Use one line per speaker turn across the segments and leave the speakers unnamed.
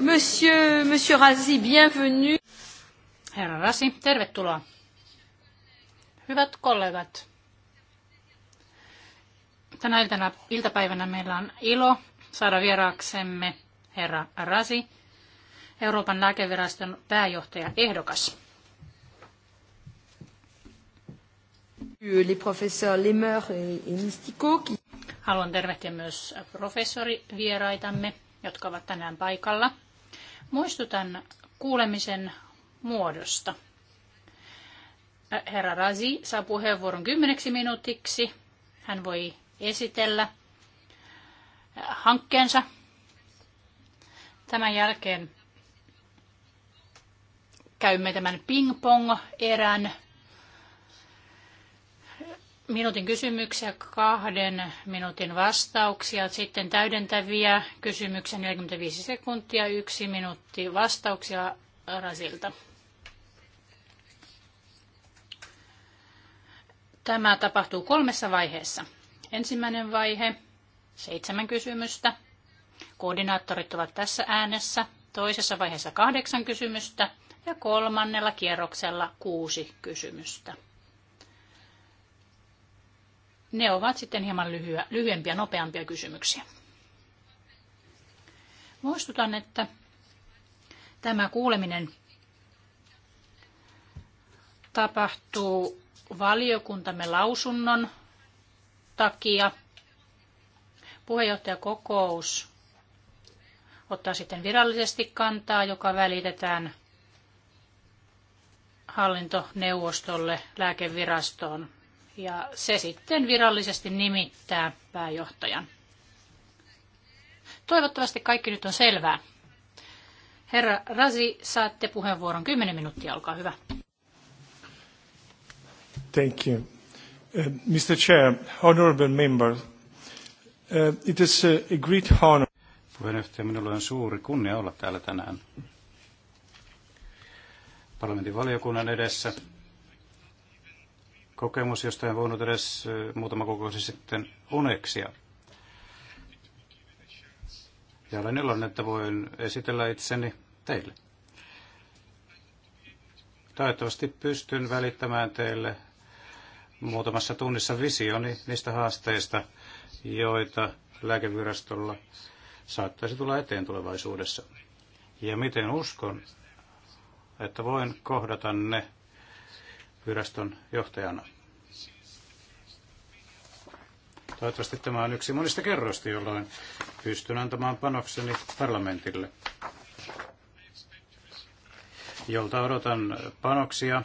Monsieur, Monsieur Razi, bienvenue. Herra Rasi, tervetuloa. Hyvät kollegat, tänä iltana, iltapäivänä meillä on ilo saada vieraaksemme herra Rasi, Euroopan lääkeviraston pääjohtaja ehdokas. Haluan tervehtiä myös professorivieraitamme, jotka ovat tänään paikalla. Muistutan kuulemisen muodosta. Herra Razi saa puheenvuoron kymmeneksi minuutiksi. Hän voi esitellä hankkeensa. Tämän jälkeen käymme tämän ping-pong-erän minuutin kysymyksiä, kahden minuutin vastauksia, sitten täydentäviä kysymyksiä 45 sekuntia, yksi minuutti vastauksia Rasilta. Tämä tapahtuu kolmessa vaiheessa. Ensimmäinen vaihe, seitsemän kysymystä. Koordinaattorit ovat tässä äänessä. Toisessa vaiheessa kahdeksan kysymystä ja kolmannella kierroksella kuusi kysymystä. Ne ovat sitten hieman lyhyä, lyhyempiä, nopeampia kysymyksiä. Muistutan, että tämä kuuleminen tapahtuu valiokuntamme lausunnon takia. Puheenjohtajakokous ottaa sitten virallisesti kantaa, joka välitetään hallintoneuvostolle lääkevirastoon ja se sitten virallisesti nimittää pääjohtajan. Toivottavasti kaikki nyt on selvää. Herra Rasi, saatte puheenvuoron 10 minuuttia, olkaa hyvä.
Thank you. Uh, Mr. Chair, honorable members, uh, it is uh, a great honor. Puheenjohtaja, minulla on suuri kunnia olla täällä tänään
parlamentin valiokunnan edessä kokemus, josta en voinut edes muutama kuukausi sitten uneksia. Ja olen iloinen, että voin esitellä itseni teille. Toivottavasti pystyn välittämään teille muutamassa tunnissa visioni niistä haasteista, joita lääkevirastolla saattaisi tulla eteen tulevaisuudessa. Ja miten uskon, että voin kohdata ne viraston johtajana. Toivottavasti tämä on yksi monista kerroista, jolloin pystyn antamaan panokseni parlamentille, jolta odotan panoksia,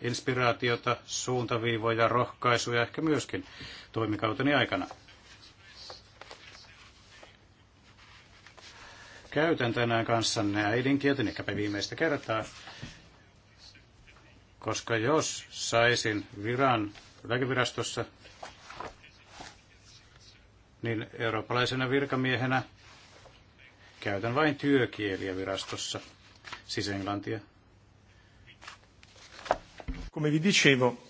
inspiraatiota, suuntaviivoja, rohkaisuja ehkä myöskin toimikauteni aikana. Käytän tänään kanssanne äidinkieltä, ehkäpä viimeistä kertaa koska jos saisin viran lääkevirastossa, niin eurooppalaisena virkamiehenä käytän vain työkieliä virastossa, siis englantia.
Come vi dicevo.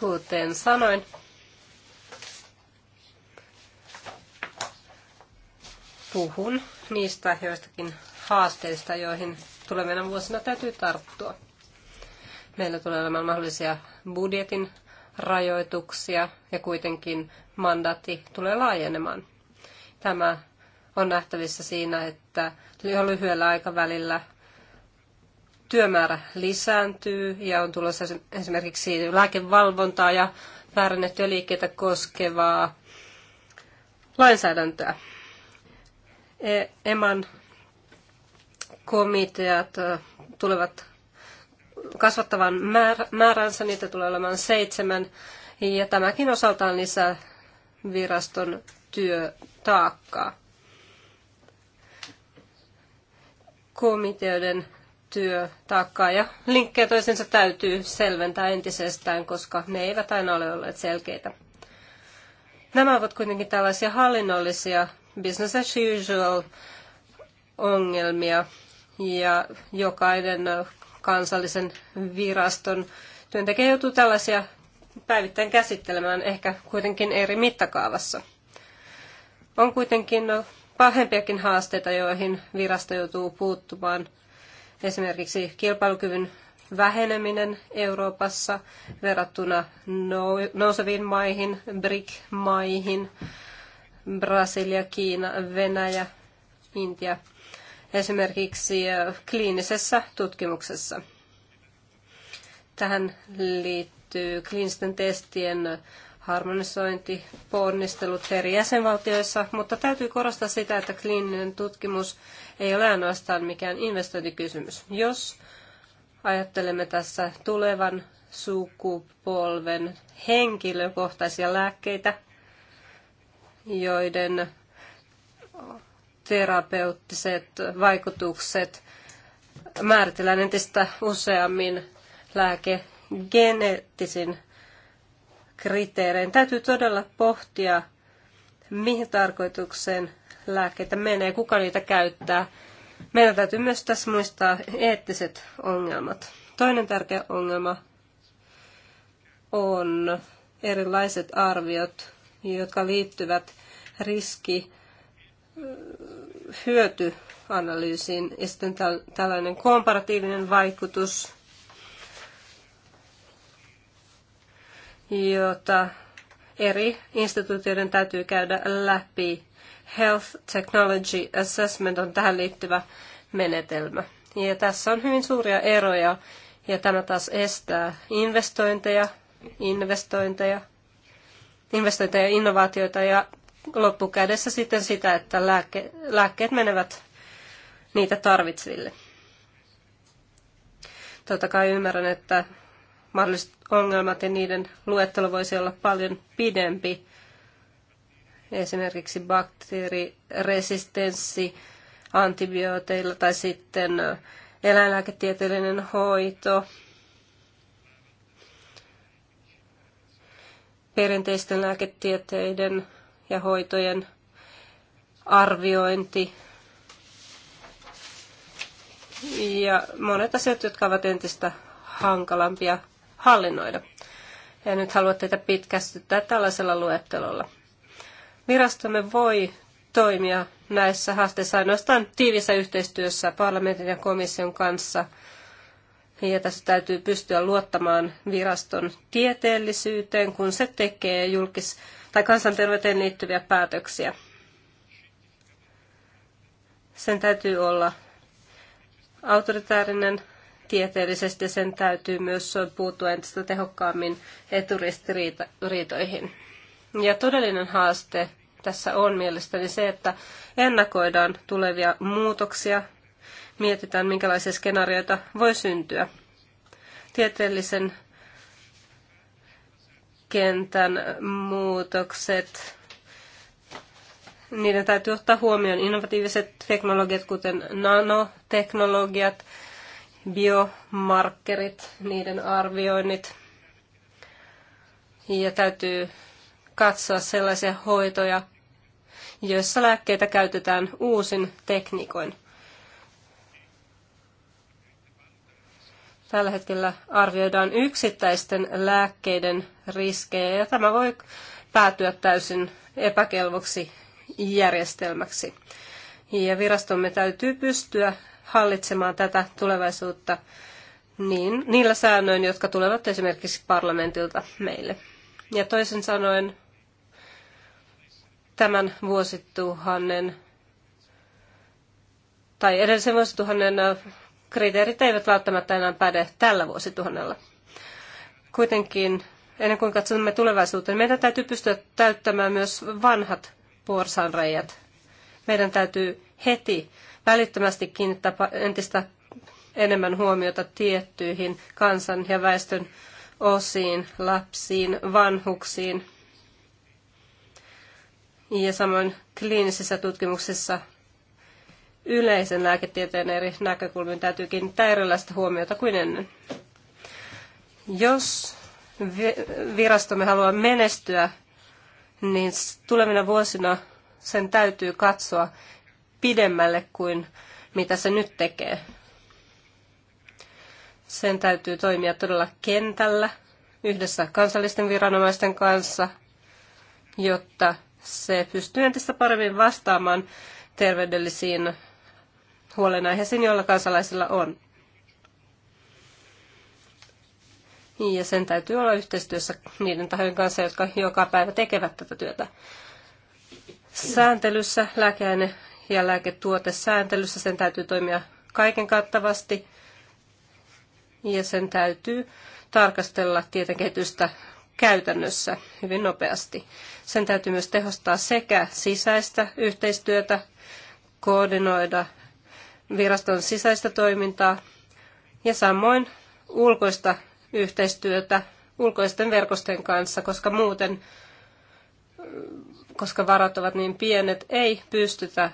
Kuten sanoin, puhun niistä joistakin haasteista, joihin tulevina vuosina täytyy tarttua. Meillä tulee olemaan mahdollisia budjetin rajoituksia ja kuitenkin mandaatti tulee laajenemaan. Tämä on nähtävissä siinä, että jo lyhyellä aikavälillä työmäärä lisääntyy ja on tulossa esimerkiksi lääkevalvontaa ja väärännettyä liikkeitä koskevaa lainsäädäntöä. E- EMAN komiteat tulevat kasvattavan määränsä, niitä tulee olemaan seitsemän, ja tämäkin osaltaan lisää viraston työtaakkaa. Komiteoiden työtaakkaa ja linkkejä toisensa täytyy selventää entisestään, koska ne eivät aina ole olleet selkeitä. Nämä ovat kuitenkin tällaisia hallinnollisia business as usual ongelmia ja jokainen kansallisen viraston työntekijä joutuu tällaisia päivittäin käsittelemään, ehkä kuitenkin eri mittakaavassa. On kuitenkin no, pahempiakin haasteita, joihin virasto joutuu puuttumaan. Esimerkiksi kilpailukyvyn väheneminen Euroopassa verrattuna nouseviin maihin, BRIC-maihin, Brasilia, Kiina, Venäjä, Intia – esimerkiksi äh, kliinisessä tutkimuksessa. Tähän liittyy kliinisten testien harmonisointi, ponnistelut eri jäsenvaltioissa, mutta täytyy korostaa sitä, että kliininen tutkimus ei ole ainoastaan mikään investointikysymys. Jos ajattelemme tässä tulevan sukupolven henkilökohtaisia lääkkeitä, joiden terapeuttiset vaikutukset määritellään entistä useammin lääkegeneettisin kriteerein. Täytyy todella pohtia, mihin tarkoitukseen lääkkeitä menee, kuka niitä käyttää. Meidän täytyy myös tässä muistaa eettiset ongelmat. Toinen tärkeä ongelma on erilaiset arviot, jotka liittyvät riski hyötyanalyysiin ja sitten tällainen komparatiivinen vaikutus, jota eri instituutioiden täytyy käydä läpi. Health Technology Assessment on tähän liittyvä menetelmä. Ja tässä on hyvin suuria eroja ja tämä taas estää investointeja, investointeja, investointeja ja innovaatioita ja loppukädessä sitten sitä, että lääkke, lääkkeet menevät niitä tarvitseville. Totta kai ymmärrän, että mahdolliset ongelmat ja niiden luettelo voisi olla paljon pidempi. Esimerkiksi bakteeriresistenssi antibiooteilla tai sitten eläinlääketieteellinen hoito, perinteisten lääketieteiden ja hoitojen arviointi ja monet asiat, jotka ovat entistä hankalampia hallinnoida. Ja nyt haluan teitä pitkästyttää tällaisella luettelolla. Virastomme voi toimia näissä haasteissa ainoastaan tiivissä yhteistyössä parlamentin ja komission kanssa. Ja tässä täytyy pystyä luottamaan viraston tieteellisyyteen, kun se tekee julkis- tai kansanterveyteen liittyviä päätöksiä. Sen täytyy olla autoritäärinen tieteellisesti, sen täytyy myös puuttua entistä tehokkaammin eturistiriitoihin. Ja todellinen haaste tässä on mielestäni se, että ennakoidaan tulevia muutoksia, mietitään minkälaisia skenaarioita voi syntyä. Tieteellisen kentän muutokset. Niiden täytyy ottaa huomioon innovatiiviset teknologiat, kuten nanoteknologiat, biomarkkerit, niiden arvioinnit. Ja täytyy katsoa sellaisia hoitoja, joissa lääkkeitä käytetään uusin tekniikoin. Tällä hetkellä arvioidaan yksittäisten lääkkeiden riskejä ja tämä voi päätyä täysin epäkelvoksi järjestelmäksi. Ja virastomme täytyy pystyä hallitsemaan tätä tulevaisuutta niin, niillä säännöin, jotka tulevat esimerkiksi parlamentilta meille. Ja toisin sanoen tämän vuosituhannen tai edellisen vuosituhannen kriteerit eivät välttämättä enää päde tällä vuosituhannella. Kuitenkin ennen kuin katsomme tulevaisuuteen, meidän täytyy pystyä täyttämään myös vanhat porsanreijät. Meidän täytyy heti välittömästi kiinnittää entistä enemmän huomiota tiettyihin kansan ja väestön osiin, lapsiin, vanhuksiin. Ja samoin kliinisissä tutkimuksissa yleisen lääketieteen eri näkökulmiin täytyy kiinnittää erilaista huomiota kuin ennen. Jos virastomme haluaa menestyä, niin tulevina vuosina sen täytyy katsoa pidemmälle kuin mitä se nyt tekee. Sen täytyy toimia todella kentällä yhdessä kansallisten viranomaisten kanssa, jotta se pystyy entistä paremmin vastaamaan terveydellisiin huolenaiheisiin, joilla kansalaisilla on. Niin, ja sen täytyy olla yhteistyössä niiden tahojen kanssa, jotka joka päivä tekevät tätä työtä. Sääntelyssä, lääkeaine- ja lääketuotesääntelyssä sen täytyy toimia kaiken kattavasti. Ja sen täytyy tarkastella tietenkehitystä käytännössä hyvin nopeasti. Sen täytyy myös tehostaa sekä sisäistä yhteistyötä, koordinoida viraston sisäistä toimintaa ja samoin ulkoista yhteistyötä ulkoisten verkosten kanssa, koska muuten, koska varat ovat niin pienet, ei pystytä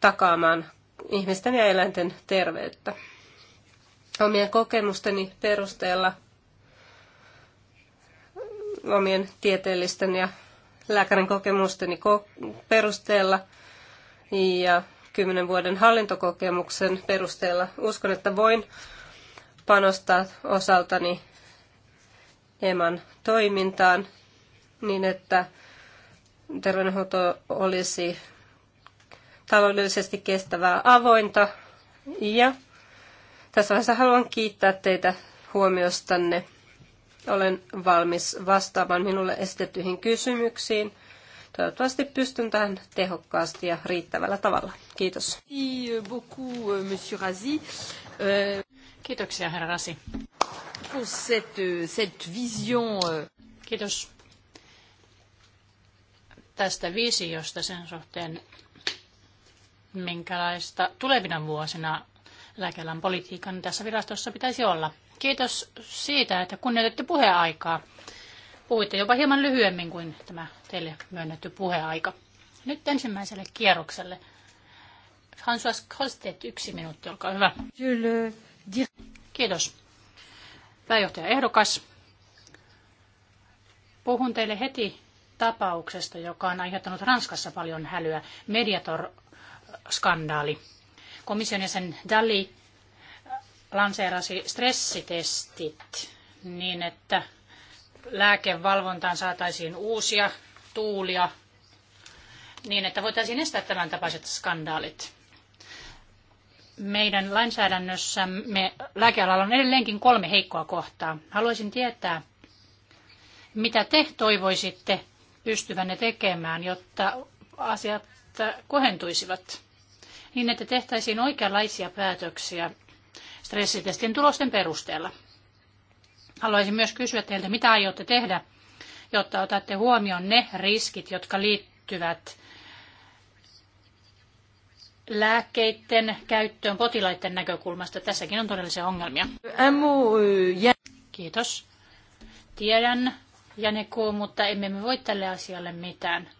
takaamaan ihmisten ja eläinten terveyttä. Omien kokemusteni perusteella, omien tieteellisten ja lääkärin kokemusteni perusteella ja kymmenen vuoden hallintokokemuksen perusteella uskon, että voin panostaa osaltani EMAN toimintaan niin, että terveydenhuolto olisi taloudellisesti kestävää avointa. Ja tässä vaiheessa haluan kiittää teitä huomiostanne. Olen valmis vastaamaan minulle esitettyihin kysymyksiin – Toivottavasti pystyn tähän tehokkaasti ja riittävällä tavalla. Kiitos.
Kiitoksia, herra Rasi. Euh, Kiitos tästä visiosta sen suhteen, minkälaista tulevina vuosina lääkealan politiikan tässä virastossa pitäisi olla. Kiitos siitä, että kunnioititte puheaikaa. Puhuitte jopa hieman lyhyemmin kuin tämä teille myönnetty puheaika. Nyt ensimmäiselle kierrokselle. François Kosteet, yksi minuutti, olkaa hyvä. Kiitos. Pääjohtaja ehdokas. Puhun teille heti tapauksesta, joka on aiheuttanut Ranskassa paljon hälyä, Mediator-skandaali. Komission jäsen Dali lanseerasi stressitestit niin, että lääkevalvontaan saataisiin uusia tuulia niin, että voitaisiin estää tämän tapaiset skandaalit. Meidän lainsäädännössämme lääkealalla on edelleenkin kolme heikkoa kohtaa. Haluaisin tietää, mitä te toivoisitte pystyvänne tekemään, jotta asiat kohentuisivat niin, että tehtäisiin oikeanlaisia päätöksiä stressitestien tulosten perusteella. Haluaisin myös kysyä teiltä, mitä aiotte tehdä, jotta otatte huomioon ne riskit, jotka liittyvät lääkkeiden käyttöön potilaiden näkökulmasta. Tässäkin on todellisia ongelmia. Kiitos. Tiedän, Janeku, mutta emme me voi tälle asialle mitään.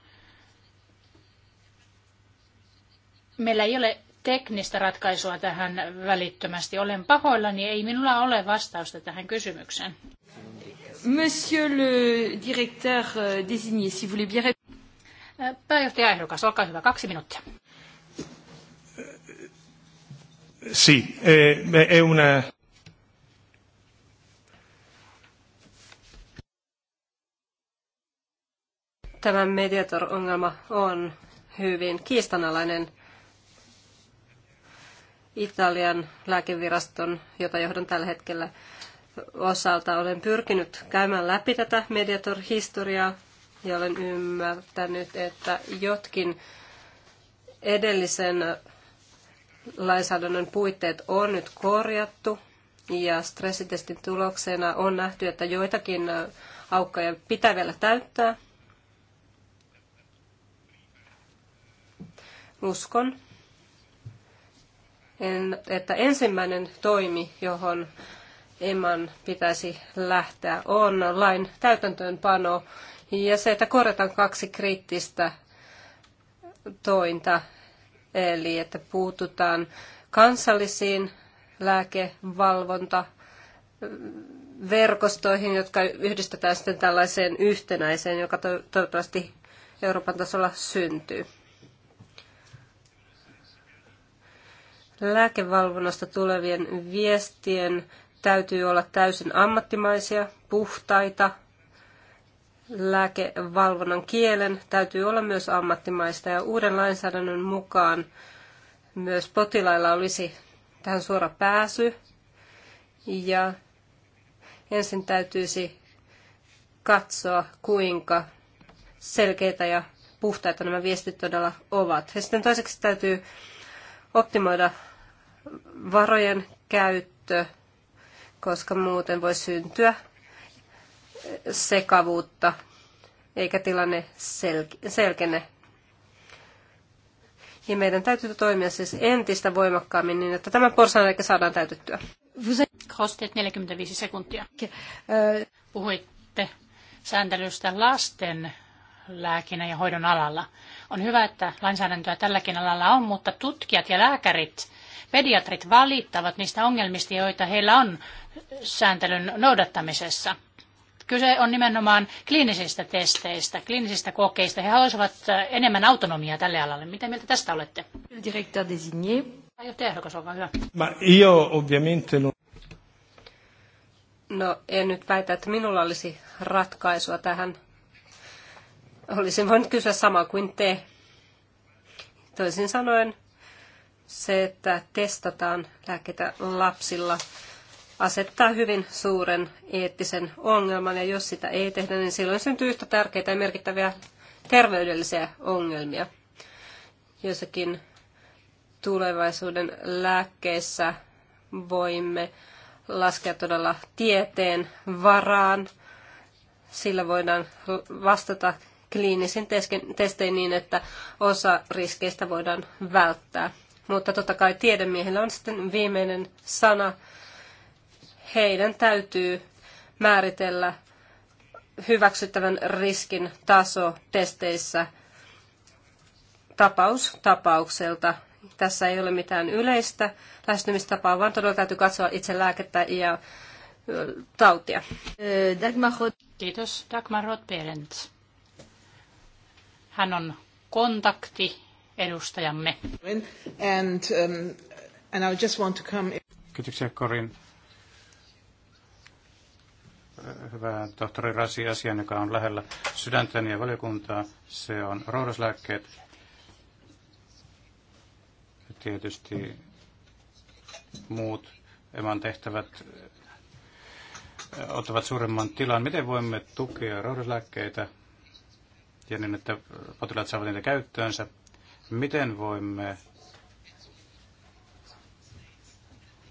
Meillä ei ole teknistä ratkaisua tähän välittömästi. Olen pahoillani, ei minulla ole vastausta tähän kysymykseen. Monsieur le directeur euh, désigné, si vous voulez bien... Pääjohtaja ehdokas, olkaa hyvä, kaksi minuuttia.
Si, è e, e una...
Tämä mediator-ongelma on hyvin kiistanalainen Italian lääkeviraston, jota johdan tällä hetkellä osalta, olen pyrkinyt käymään läpi tätä Mediator-historiaa ja olen ymmärtänyt, että jotkin edellisen lainsäädännön puitteet on nyt korjattu ja stressitestin tuloksena on nähty, että joitakin aukkoja pitää vielä täyttää. Uskon, että ensimmäinen toimi, johon Emman pitäisi lähteä, on lain täytäntöönpano ja se, että korjataan kaksi kriittistä tointa, eli että puututaan kansallisiin lääkevalvonta verkostoihin, jotka yhdistetään sitten tällaiseen yhtenäiseen, joka toivottavasti Euroopan tasolla syntyy. Lääkevalvonnasta tulevien viestien täytyy olla täysin ammattimaisia, puhtaita. Lääkevalvonnan kielen täytyy olla myös ammattimaista ja uuden lainsäädännön mukaan myös potilailla olisi tähän suora pääsy. Ja ensin täytyisi katsoa, kuinka selkeitä ja puhtaita nämä viestit todella ovat. Ja sitten toiseksi täytyy optimoida varojen käyttö, koska muuten voi syntyä sekavuutta eikä tilanne sel- selkene. Ja meidän täytyy toimia siis entistä voimakkaammin niin, että tämä eikä saadaan täytettyä.
Kosteet 45 sekuntia. Puhuitte sääntelystä lasten lääkinnän ja hoidon alalla. On hyvä, että lainsäädäntöä tälläkin alalla on, mutta tutkijat ja lääkärit, pediatrit valittavat niistä ongelmista, joita heillä on sääntelyn noudattamisessa. Kyse on nimenomaan kliinisistä testeistä, kliinisistä kokeista. He haluaisivat äh, enemmän autonomiaa tälle alalle. Mitä mieltä
tästä olette? Direktor ehdokas, olkaa hyvä.
Ma io ovviamente non...
No en nyt väitä, että minulla olisi ratkaisua tähän Olisin voinut kysyä samaa kuin te. Toisin sanoen se, että testataan lääkkeitä lapsilla, asettaa hyvin suuren eettisen ongelman, ja jos sitä ei tehdä, niin silloin syntyy yhtä tärkeitä ja merkittäviä terveydellisiä ongelmia. Jossakin tulevaisuuden lääkkeissä voimme laskea todella tieteen varaan. Sillä voidaan vastata kliinisin testein niin, että osa riskeistä voidaan välttää. Mutta totta kai tiedemiehillä on sitten viimeinen sana. Heidän täytyy määritellä hyväksyttävän riskin taso testeissä tapaus tapaukselta. Tässä ei ole mitään yleistä lähestymistapaa, vaan todella täytyy katsoa itse lääkettä ja tautia. Kiitos. Dagmar
Rothberent. Hän on kontakti edustajamme. And, um, and I just want to come...
Kiitoksia Korin. Hyvä tohtori Rasi asian, joka on lähellä sydäntäni ja valiokuntaa. Se on roudaslääkkeet. Tietysti muut eman tehtävät eh, ottavat suuremman tilan. Miten voimme tukea roudaslääkkeitä ja niin, että potilaat saavat niitä käyttöönsä. Miten voimme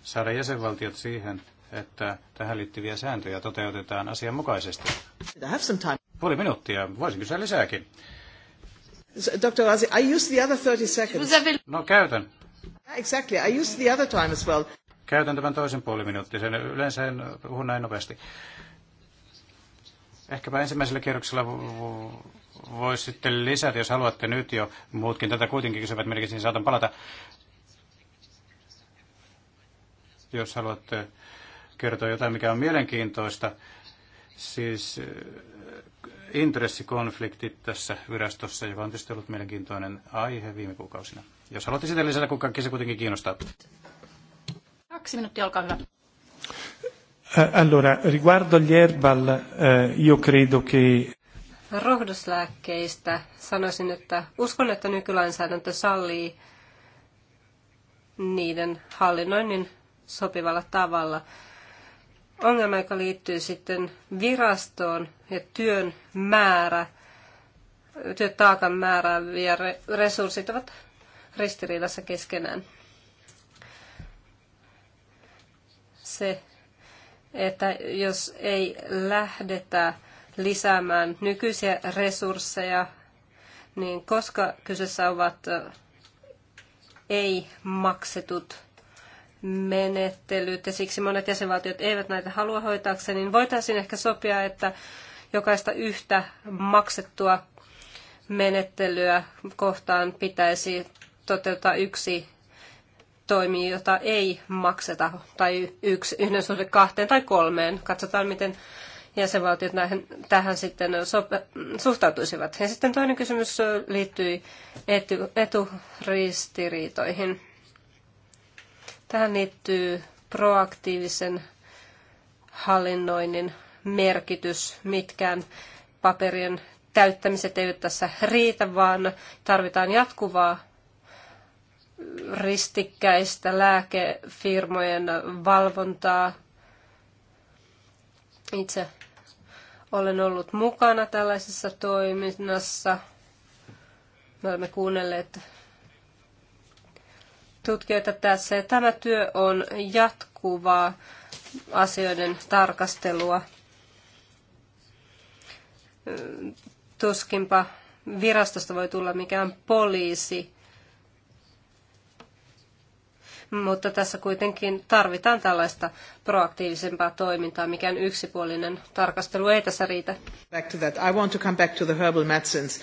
saada jäsenvaltiot siihen, että tähän liittyviä sääntöjä toteutetaan asianmukaisesti? Puoli minuuttia, voisin kysyä lisääkin. Dr. Razi, I use the other 30 seconds. No käytän. Exactly, I use the other time as well. Käytän tämän toisen puoli minuuttia, sen yleensä en puhu näin nopeasti. Ehkäpä ensimmäisellä kierroksella voisi sitten lisätä, jos haluatte nyt jo, muutkin tätä kuitenkin kysyvät merkissä, niin saatan palata. Jos haluatte kertoa jotain, mikä on mielenkiintoista, siis äh, intressikonfliktit tässä virastossa, joka on tietysti ollut mielenkiintoinen aihe viime kuukausina. Jos haluatte sitä lisätä, kun kaikki se kuitenkin kiinnostaa.
Kaksi minuuttia, olkaa hyvä.
Allora, riguardo gli Erbal, eh, io credo che
rohdoslääkkeistä sanoisin, että uskon, että nykylainsäädäntö sallii niiden hallinnoinnin sopivalla tavalla. Ongelma, joka liittyy sitten virastoon ja työn määrä, työtaakan määrä ja resurssit ovat ristiriidassa keskenään. Se, että jos ei lähdetä lisäämään nykyisiä resursseja, niin koska kyseessä ovat ei-maksetut menettelyt ja siksi monet jäsenvaltiot eivät näitä halua hoitaakseen, niin voitaisiin ehkä sopia, että jokaista yhtä maksettua menettelyä kohtaan pitäisi toteuttaa yksi toimi, jota ei makseta, tai yksi, yhden suhde kahteen tai kolmeen. Katsotaan, miten jäsenvaltiot näihin, tähän sitten sope, suhtautuisivat. Ja sitten toinen kysymys liittyi etu, eturistiriitoihin. Tähän liittyy proaktiivisen hallinnoinnin merkitys. Mitkään paperien täyttämiset eivät tässä riitä, vaan tarvitaan jatkuvaa ristikkäistä lääkefirmojen valvontaa, itse olen ollut mukana tällaisessa toiminnassa. Me olemme kuunnelleet tutkijoita tässä. Ja tämä työ on jatkuvaa asioiden tarkastelua. Tuskinpa virastosta voi tulla mikään poliisi mutta tässä kuitenkin tarvitaan tällaista proaktiivisempaa toimintaa, mikään yksipuolinen tarkastelu ei tässä riitä. Back to that. I want to come back to the herbal medicines.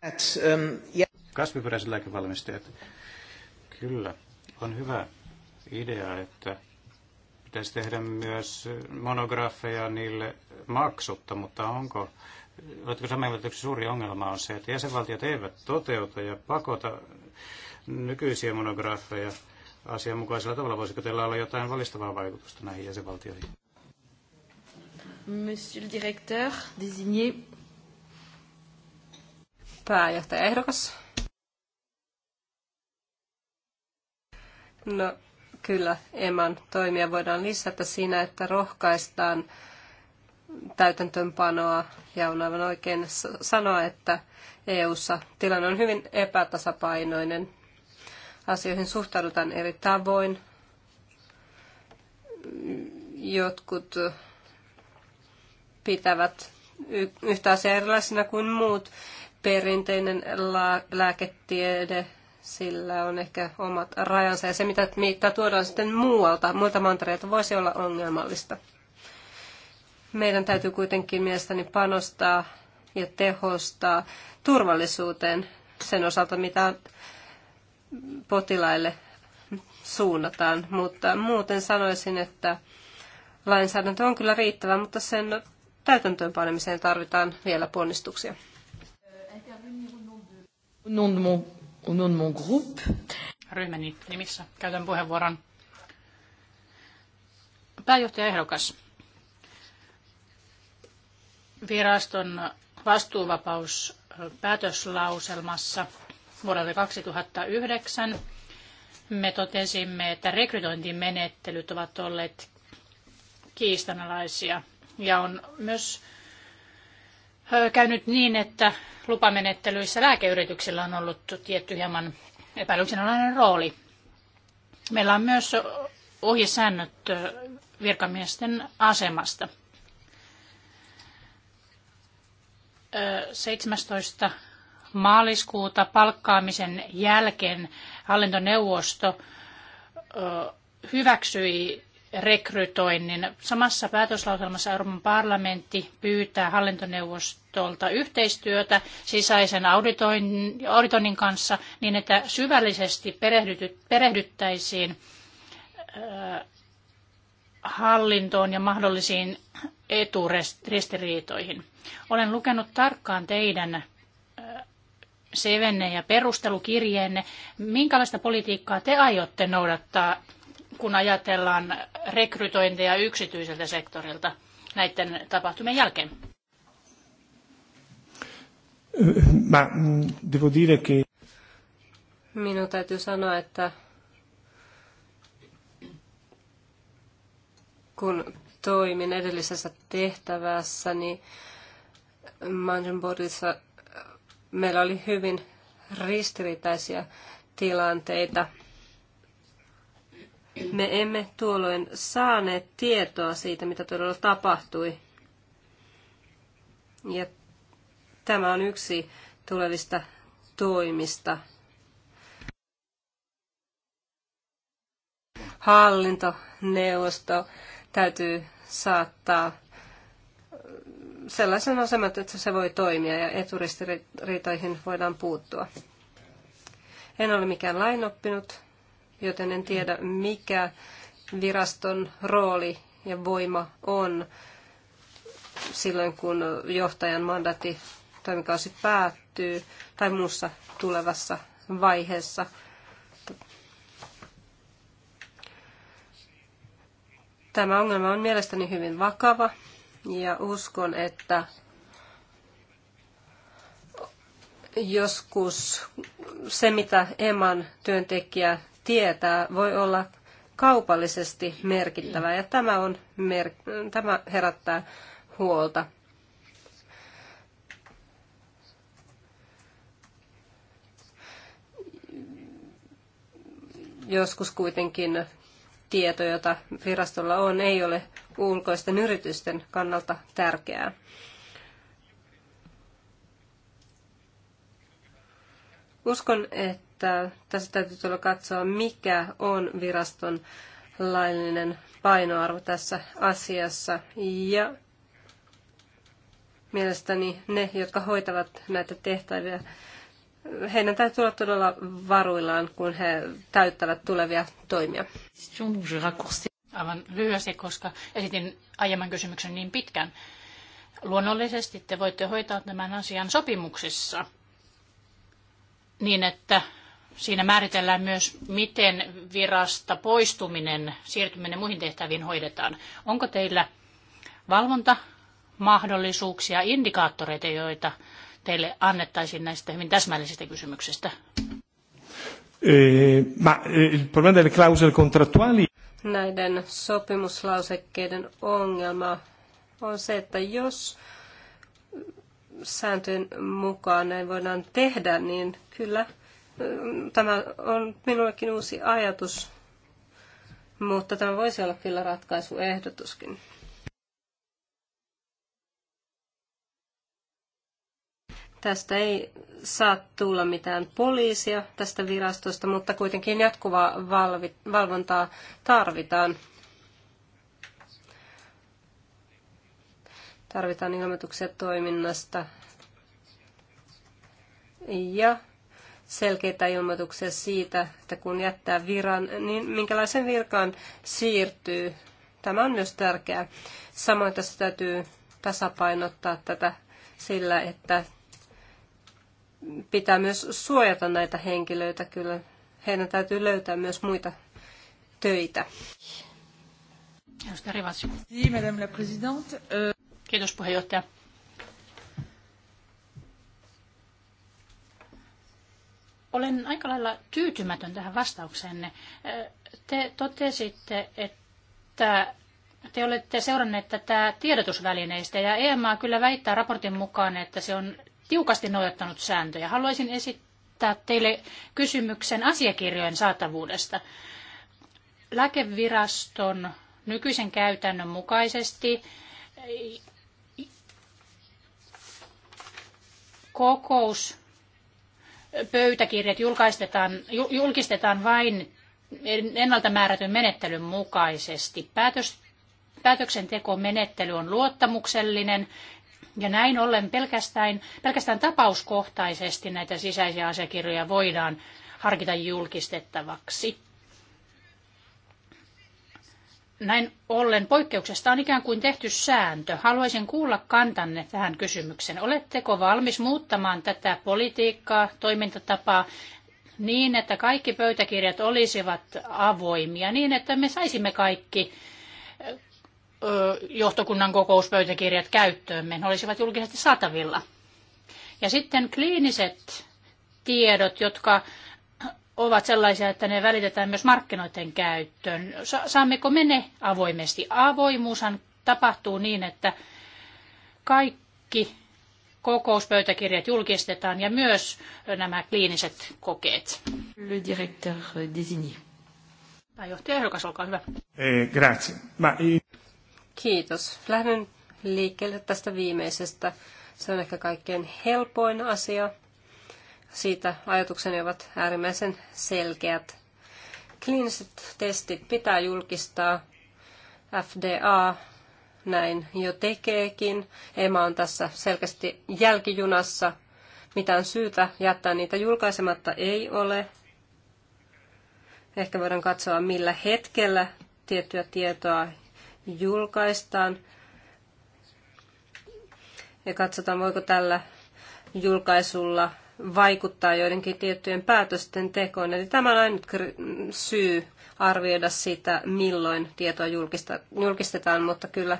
that, um,
Kasviperäiset lääkevalmistajat. Kyllä, on hyvä idea, että pitäisi tehdä myös monografeja niille maksutta, mutta onko Oletko samaa että yksi suuri ongelma on se, että jäsenvaltiot eivät toteuta ja pakota nykyisiä monografeja asianmukaisella tavalla. Voisiko teillä olla jotain valistavaa vaikutusta näihin jäsenvaltioihin?
Monsieur le directeur, désigné. Pääjohtaja ehdokas. No kyllä, EMAN toimia voidaan lisätä siinä, että rohkaistaan täytäntöönpanoa ja on aivan oikein sanoa, että EU-ssa tilanne on hyvin epätasapainoinen asioihin suhtaudutaan eri tavoin. Jotkut pitävät yhtä asiaa erilaisena kuin muut. Perinteinen lääketiede, sillä on ehkä omat rajansa. Ja se, mitä, mitä tuodaan sitten muualta, muilta mantereilta, voisi olla ongelmallista. Meidän täytyy kuitenkin mielestäni panostaa ja tehostaa turvallisuuteen sen osalta, mitä potilaille suunnataan, mutta muuten sanoisin, että lainsäädäntö on kyllä riittävä, mutta sen täytäntöönpanemiseen tarvitaan vielä ponnistuksia. Ryhmäni nimissä käytän puheenvuoron.
Pääjohtaja ehdokas. Viraston vastuuvapauspäätöslauselmassa vuodelta 2009 me totesimme, että rekrytointimenettelyt ovat olleet kiistanalaisia. Ja on myös käynyt niin, että lupamenettelyissä lääkeyrityksillä on ollut tietty hieman epäilyksenalainen rooli. Meillä on myös ohjesäännöt virkamiesten asemasta. 17 maaliskuuta palkkaamisen jälkeen hallintoneuvosto hyväksyi rekrytoinnin. Samassa päätöslauselmassa Euroopan parlamentti pyytää hallintoneuvostolta yhteistyötä sisäisen auditoinnin kanssa niin, että syvällisesti perehdyttäisiin hallintoon ja mahdollisiin eturistiriitoihin. Olen lukenut tarkkaan teidän CVnne ja perustelukirjeenne. Minkälaista politiikkaa te aiotte noudattaa, kun ajatellaan rekrytointeja yksityiseltä sektorilta näiden tapahtumien jälkeen?
Mä, mm, devo dire che...
Minun täytyy sanoa, että kun toimin edellisessä tehtävässä, niin Mansion Boardissa meillä oli hyvin ristiriitaisia tilanteita. Me emme tuolloin saaneet tietoa siitä, mitä todella tapahtui. Ja tämä on yksi tulevista toimista. Hallintoneuvosto täytyy saattaa sellaisen aseman, että se voi toimia ja eturistiriitoihin voidaan puuttua. En ole mikään lainoppinut, joten en tiedä mikä viraston rooli ja voima on silloin, kun johtajan mandatti toimikausi päättyy tai muussa tulevassa vaiheessa. Tämä ongelma on mielestäni hyvin vakava ja uskon, että joskus se, mitä Eman työntekijä tietää, voi olla kaupallisesti merkittävä ja tämä, on mer- tämä herättää huolta. Joskus kuitenkin tieto, jota virastolla on, ei ole ulkoisten yritysten kannalta tärkeää. Uskon, että tässä täytyy tulla katsoa, mikä on viraston laillinen painoarvo tässä asiassa. Ja mielestäni ne, jotka hoitavat näitä tehtäviä, heidän täytyy olla todella varuillaan, kun he täyttävät tulevia toimia
aivan lyhyesti, koska esitin aiemman kysymyksen niin pitkän. Luonnollisesti te voitte hoitaa tämän asian sopimuksissa niin, että siinä määritellään myös, miten virasta poistuminen, siirtyminen muihin tehtäviin hoidetaan. Onko teillä valvontamahdollisuuksia, indikaattoreita, joita teille annettaisiin näistä hyvin täsmällisistä kysymyksistä?
Eh, ma eh, il problema delle clausole contrattuali
näiden sopimuslausekkeiden ongelma on se, että jos sääntöjen mukaan näin voidaan tehdä, niin kyllä mm, tämä on minullekin uusi ajatus, mutta tämä voisi olla kyllä ratkaisuehdotuskin. Tästä ei saa tulla mitään poliisia tästä virastosta, mutta kuitenkin jatkuvaa valvontaa tarvitaan. Tarvitaan ilmoituksia toiminnasta ja selkeitä ilmoituksia siitä, että kun jättää viran, niin minkälaisen virkaan siirtyy. Tämä on myös tärkeää. Samoin tässä täytyy tasapainottaa tätä sillä, että pitää myös suojata näitä henkilöitä kyllä. Heidän täytyy löytää myös muita töitä.
Euh, Kiitos puheenjohtaja. Olen aika lailla tyytymätön tähän vastaukseenne. Te totesitte, että te olette seuranneet tätä tiedotusvälineistä ja EMA kyllä väittää raportin mukaan, että se on tiukasti noudattanut sääntöjä. Haluaisin esittää teille kysymyksen asiakirjojen saatavuudesta. Lääkeviraston nykyisen käytännön mukaisesti kokous pöytäkirjat julkistetaan, julkistetaan vain ennalta määrätyn menettelyn mukaisesti. Päätös, päätöksentekomenettely on luottamuksellinen ja näin ollen pelkästään, pelkästään tapauskohtaisesti näitä sisäisiä asiakirjoja voidaan harkita julkistettavaksi. Näin ollen poikkeuksesta on ikään kuin tehty sääntö. Haluaisin kuulla kantanne tähän kysymykseen. Oletteko valmis muuttamaan tätä politiikkaa, toimintatapaa niin, että kaikki pöytäkirjat olisivat avoimia, niin että me saisimme kaikki johtokunnan kokouspöytäkirjat käyttöömme. Ne olisivat julkisesti saatavilla. Ja sitten kliiniset tiedot, jotka ovat sellaisia, että ne välitetään myös markkinoiden käyttöön. Saammeko me ne avoimesti? Avoimuushan tapahtuu niin, että kaikki kokouspöytäkirjat julkistetaan ja myös nämä kliiniset
kokeet. Le directeur désigné. Pääjohtaja ehdokas, olkaa hyvä.
Eh, grazie. Ma,
Kiitos. Lähden liikkeelle tästä viimeisestä. Se on ehkä kaikkein helpoin asia. Siitä ajatukseni ovat äärimmäisen selkeät. Kliiniset testit pitää julkistaa. FDA näin jo tekeekin. EMA on tässä selkeästi jälkijunassa. Mitään syytä jättää niitä julkaisematta ei ole. Ehkä voidaan katsoa, millä hetkellä tiettyä tietoa julkaistaan. Ja katsotaan, voiko tällä julkaisulla vaikuttaa joidenkin tiettyjen päätösten tekoon. Eli tämä on ainut syy arvioida sitä, milloin tietoa julkistetaan, mutta kyllä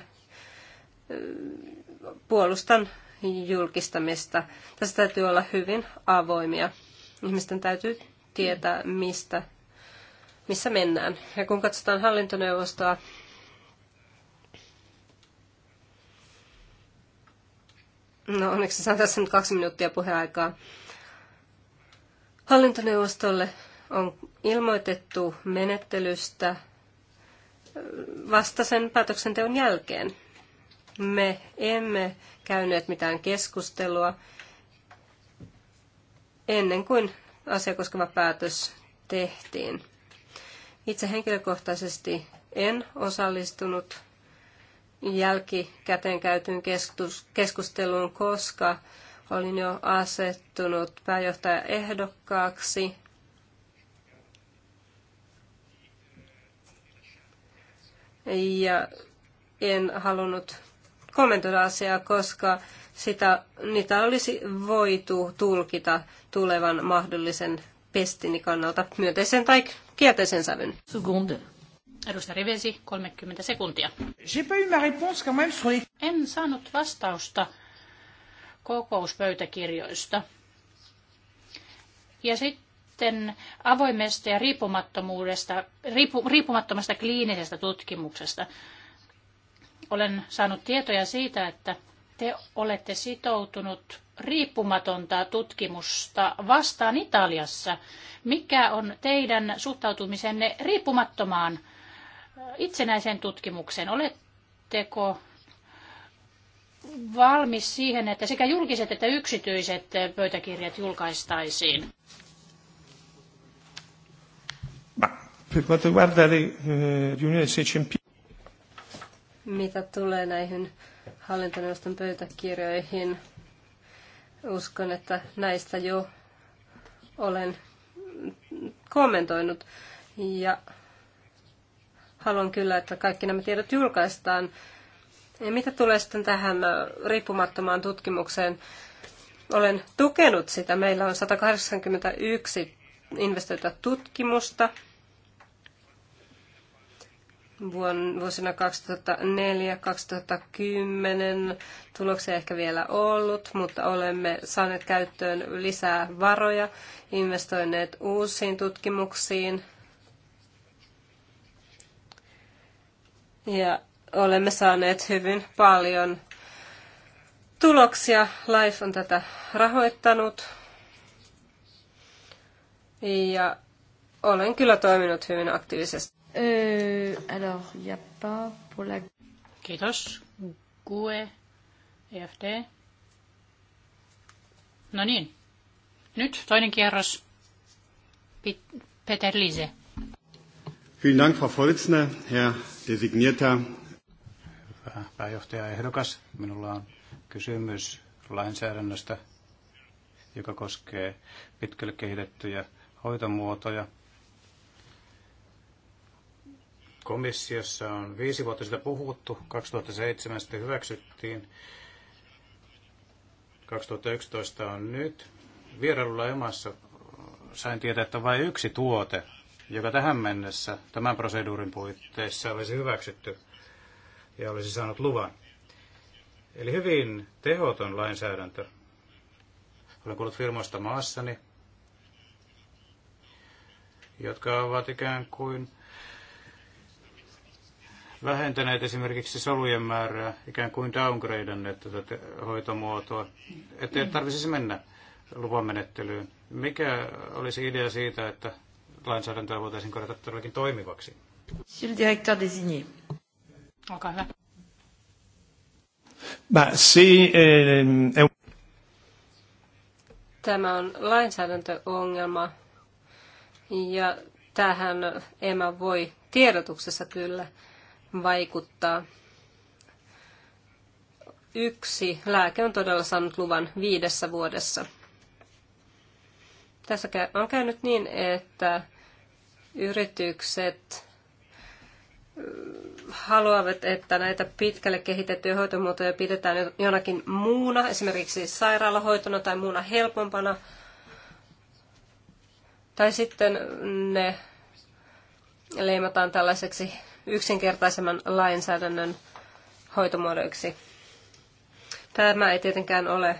puolustan julkistamista. Tässä täytyy olla hyvin avoimia. Ihmisten täytyy tietää, mistä, missä mennään. Ja kun katsotaan hallintoneuvostoa, No onneksi saan tässä nyt kaksi minuuttia puheaikaa. Hallintoneuvostolle on ilmoitettu menettelystä vasta sen päätöksenteon jälkeen. Me emme käyneet mitään keskustelua ennen kuin asia koskeva päätös tehtiin. Itse henkilökohtaisesti en osallistunut jälkikäteen käytyyn keskusteluun, koska olin jo asettunut pääjohtajaehdokkaaksi. Ja en halunnut kommentoida asiaa, koska sitä, niitä olisi voitu tulkita tulevan mahdollisen pestini kannalta myönteisen tai kielteisen sävyn. Sekunde.
Edustaja Rivesi, 30 sekuntia. En saanut vastausta kokouspöytäkirjoista. Ja sitten avoimesta ja riippumattomuudesta, riippu, riippumattomasta kliinisestä tutkimuksesta. Olen saanut tietoja siitä, että te olette sitoutunut riippumatonta tutkimusta vastaan Italiassa. Mikä on teidän suhtautumisenne riippumattomaan itsenäiseen tutkimukseen? Oletteko valmis siihen, että sekä julkiset että yksityiset pöytäkirjat julkaistaisiin?
Eh,
Mitä tulee näihin hallintoneuvoston pöytäkirjoihin, uskon, että näistä jo olen kommentoinut. Ja haluan kyllä, että kaikki nämä tiedot julkaistaan. Ja mitä tulee sitten tähän riippumattomaan tutkimukseen? Olen tukenut sitä. Meillä on 181 investoita tutkimusta vuosina 2004-2010. Tuloksia ehkä vielä ollut, mutta olemme saaneet käyttöön lisää varoja, investoineet uusiin tutkimuksiin, Ja olemme saaneet hyvin paljon tuloksia. Life on tätä rahoittanut. Ja olen kyllä toiminut hyvin aktiivisesti. Euh, alors, pour la... Kiitos. GUE, EFD.
No niin. Nyt toinen kierros. Peter Lise.
Vielen Dank, Frau Vorsitzende, Herr Designierter.
pääjohtaja ehdokas. Minulla on kysymys lainsäädännöstä, joka koskee pitkälle kehitettyjä hoitomuotoja. Komissiossa on viisi vuotta sitä puhuttu, 2007 hyväksyttiin, 2011 on nyt. Vierailulla emassa sain tietää, että vain yksi tuote joka tähän mennessä tämän proseduurin puitteissa olisi hyväksytty ja olisi saanut luvan. Eli hyvin tehoton lainsäädäntö. Olen kuullut firmoista maassani, jotka ovat ikään kuin vähentäneet esimerkiksi solujen määrää, ikään kuin downgradanneet tätä hoitomuotoa, ettei tarvitsisi mennä menettelyyn. Mikä olisi idea siitä, että lainsäädäntöä voitaisiin korjata todellakin toimivaksi.
Monsieur le directeur désigné. Olkaa hyvä.
Bah, eh,
Tämä on lainsäädäntöongelma ja tähän emä voi tiedotuksessa kyllä vaikuttaa. Yksi lääke on todella saanut luvan viidessä vuodessa. Tässä on käynyt niin, että yritykset haluavat, että näitä pitkälle kehitettyjä hoitomuotoja pidetään jonakin muuna, esimerkiksi sairaalahoitona tai muuna helpompana. Tai sitten ne leimataan tällaiseksi yksinkertaisemman lainsäädännön hoitomuodoiksi. Tämä ei tietenkään ole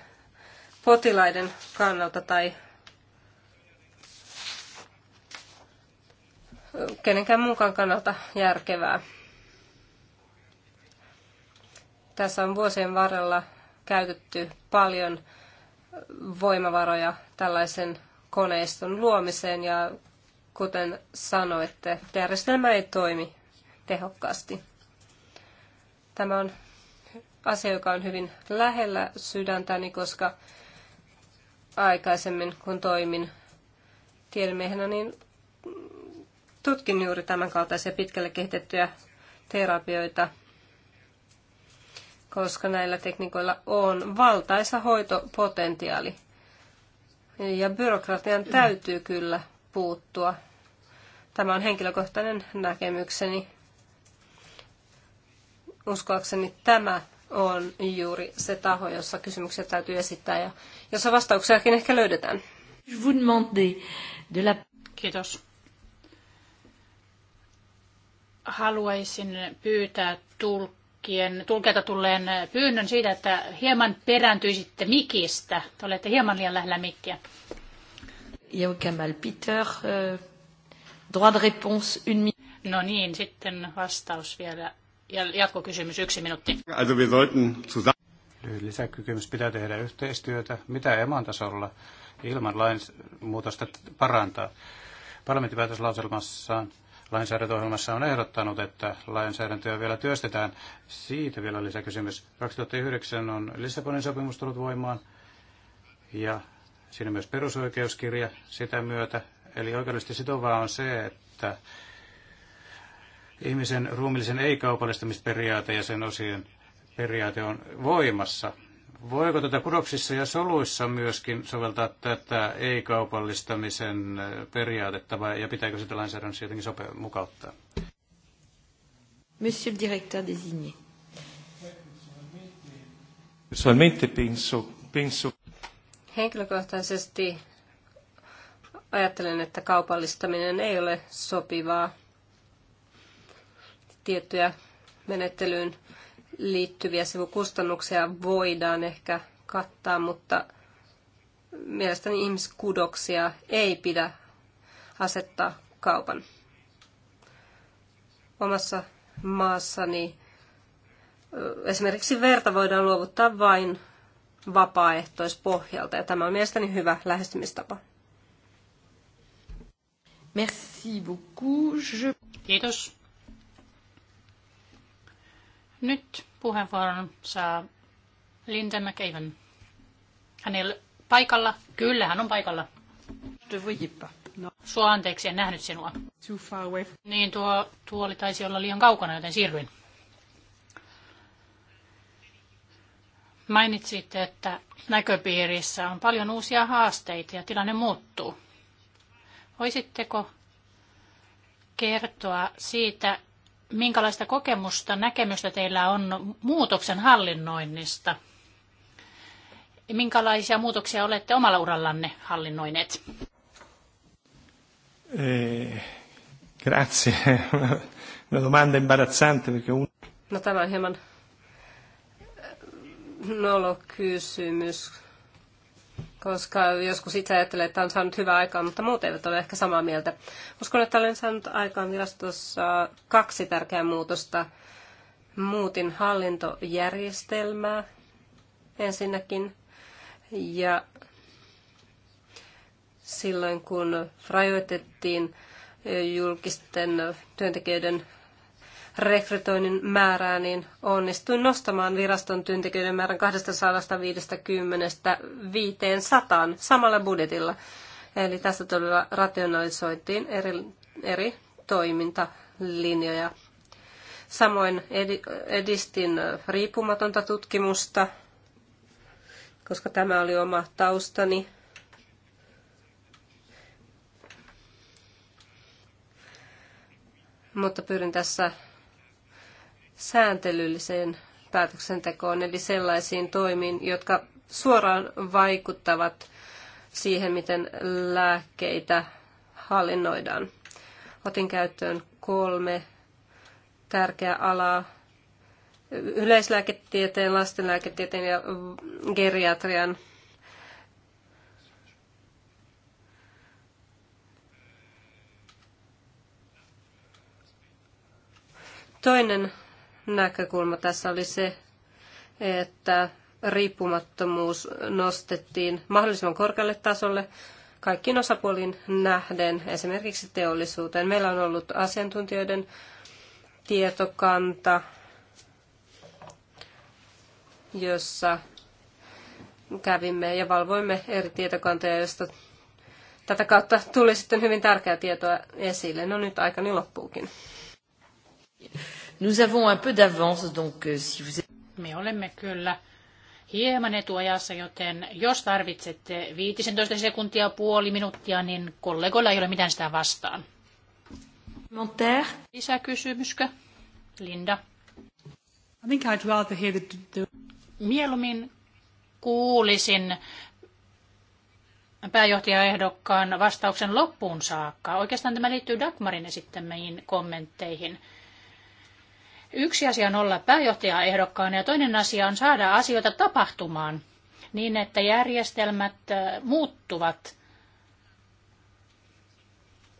potilaiden kannalta tai kenenkään muukaan kannalta järkevää. Tässä on vuosien varrella käytetty paljon voimavaroja tällaisen koneiston luomiseen ja kuten sanoitte, järjestelmä ei toimi tehokkaasti. Tämä on asia, joka on hyvin lähellä sydäntäni, koska aikaisemmin kun toimin tiedemiehenä, niin tutkin juuri tämän kaltaisia pitkälle kehitettyjä terapioita, koska näillä tekniikoilla on valtaisa hoitopotentiaali. Ja byrokratian täytyy kyllä puuttua. Tämä on henkilökohtainen näkemykseni. Uskoakseni tämä on juuri se taho, jossa kysymyksiä täytyy esittää ja jossa vastauksiakin ehkä löydetään. Kiitos haluaisin
pyytää tulkien, tulkeilta tulleen pyynnön siitä, että hieman perääntyisitte mikistä. Te olette hieman liian lähellä mikkiä. Peter, euh, droit de réponse, une minute. No niin, sitten vastaus vielä. Ja jatkokysymys, yksi minuutti. Also
wir sollten zusammen... lisäkykymys pitää tehdä yhteistyötä, mitä eman tasolla ilman lainmuutosta parantaa. Parlamentin päätöslauselmassaan lainsäädäntöohjelmassa on ehdottanut, että lainsäädäntöä vielä työstetään. Siitä vielä lisäkysymys. 2009 on Lissabonin sopimus tullut voimaan ja siinä myös perusoikeuskirja sitä myötä. Eli oikeudellisesti sitovaa on se, että ihmisen ruumillisen ei-kaupallistamisperiaate ja sen osien periaate on voimassa Voiko tätä kudoksissa ja soluissa myöskin soveltaa tätä ei-kaupallistamisen äh, periaatetta vai, ja pitääkö sitä lainsäädännössä jotenkin sope- mukauttaa?
Monsieur le directeur désigné.
Personalmente penso, penso.
Henkilökohtaisesti ajattelen, että kaupallistaminen ei ole sopivaa tiettyjä menettelyyn liittyviä sivukustannuksia voidaan ehkä kattaa, mutta mielestäni ihmiskudoksia ei pidä asettaa kaupan. Omassa maassani esimerkiksi verta voidaan luovuttaa vain vapaaehtoispohjalta, ja tämä on mielestäni hyvä lähestymistapa.
Merci beaucoup. Je... Kiitos. Nyt puheenvuoron saa Linda McAven. Hän ei ole paikalla. Kyllä, hän on paikalla. No. Sua anteeksi, en nähnyt sinua. Too far away. Niin, tuo tuoli taisi olla liian kaukana, joten siirryin. Mainitsit, että näköpiirissä on paljon uusia haasteita ja tilanne muuttuu. Voisitteko kertoa siitä, minkälaista kokemusta, näkemystä teillä on muutoksen hallinnoinnista? Minkälaisia muutoksia olette omalla urallanne hallinnoineet?
Eh, grazie. domanda
imbarazzante perché un... No tämä on hieman eh, nolo kysymys, koska joskus itse ajattelee, että on saanut hyvää aikaa, mutta muut eivät ole ehkä samaa mieltä. Uskon, että olen saanut aikaan virastossa kaksi tärkeää muutosta. Muutin hallintojärjestelmää ensinnäkin, ja silloin kun rajoitettiin julkisten työntekijöiden rekrytoinnin määrää, niin onnistuin nostamaan viraston työntekijöiden määrän 250 500 samalla budjetilla. Eli tässä todella rationalisoitiin eri, eri toimintalinjoja. Samoin edistin riippumatonta tutkimusta, koska tämä oli oma taustani. Mutta pyrin tässä sääntelylliseen päätöksentekoon, eli sellaisiin toimiin, jotka suoraan vaikuttavat siihen, miten lääkkeitä hallinnoidaan. Otin käyttöön kolme tärkeää alaa. Yleislääketieteen, lastenlääketieteen ja geriatrian Toinen näkökulma tässä oli se, että riippumattomuus nostettiin mahdollisimman korkealle tasolle kaikkiin osapuoliin nähden, esimerkiksi teollisuuteen. Meillä on ollut asiantuntijoiden tietokanta, jossa kävimme ja valvoimme eri tietokantoja, joista tätä kautta tuli sitten hyvin tärkeää tietoa esille. No nyt aikani loppuukin.
Nous avons un peu d'avance, donc euh, si vous...
Me olemme kyllä hieman
etuajassa, joten jos tarvitsette 15 sekuntia puoli minuuttia, niin kollegoilla ei ole mitään sitä vastaan. Monter. Lisäkysymyskö? Linda. I think I'd rather hear the, the... Mieluummin kuulisin pääjohtajaehdokkaan vastauksen loppuun saakka. Oikeastaan tämä liittyy Dagmarin esittämiin kommentteihin. Yksi asia on olla pääjohtajaehdokkaana ja toinen asia on saada asioita tapahtumaan niin, että järjestelmät muuttuvat.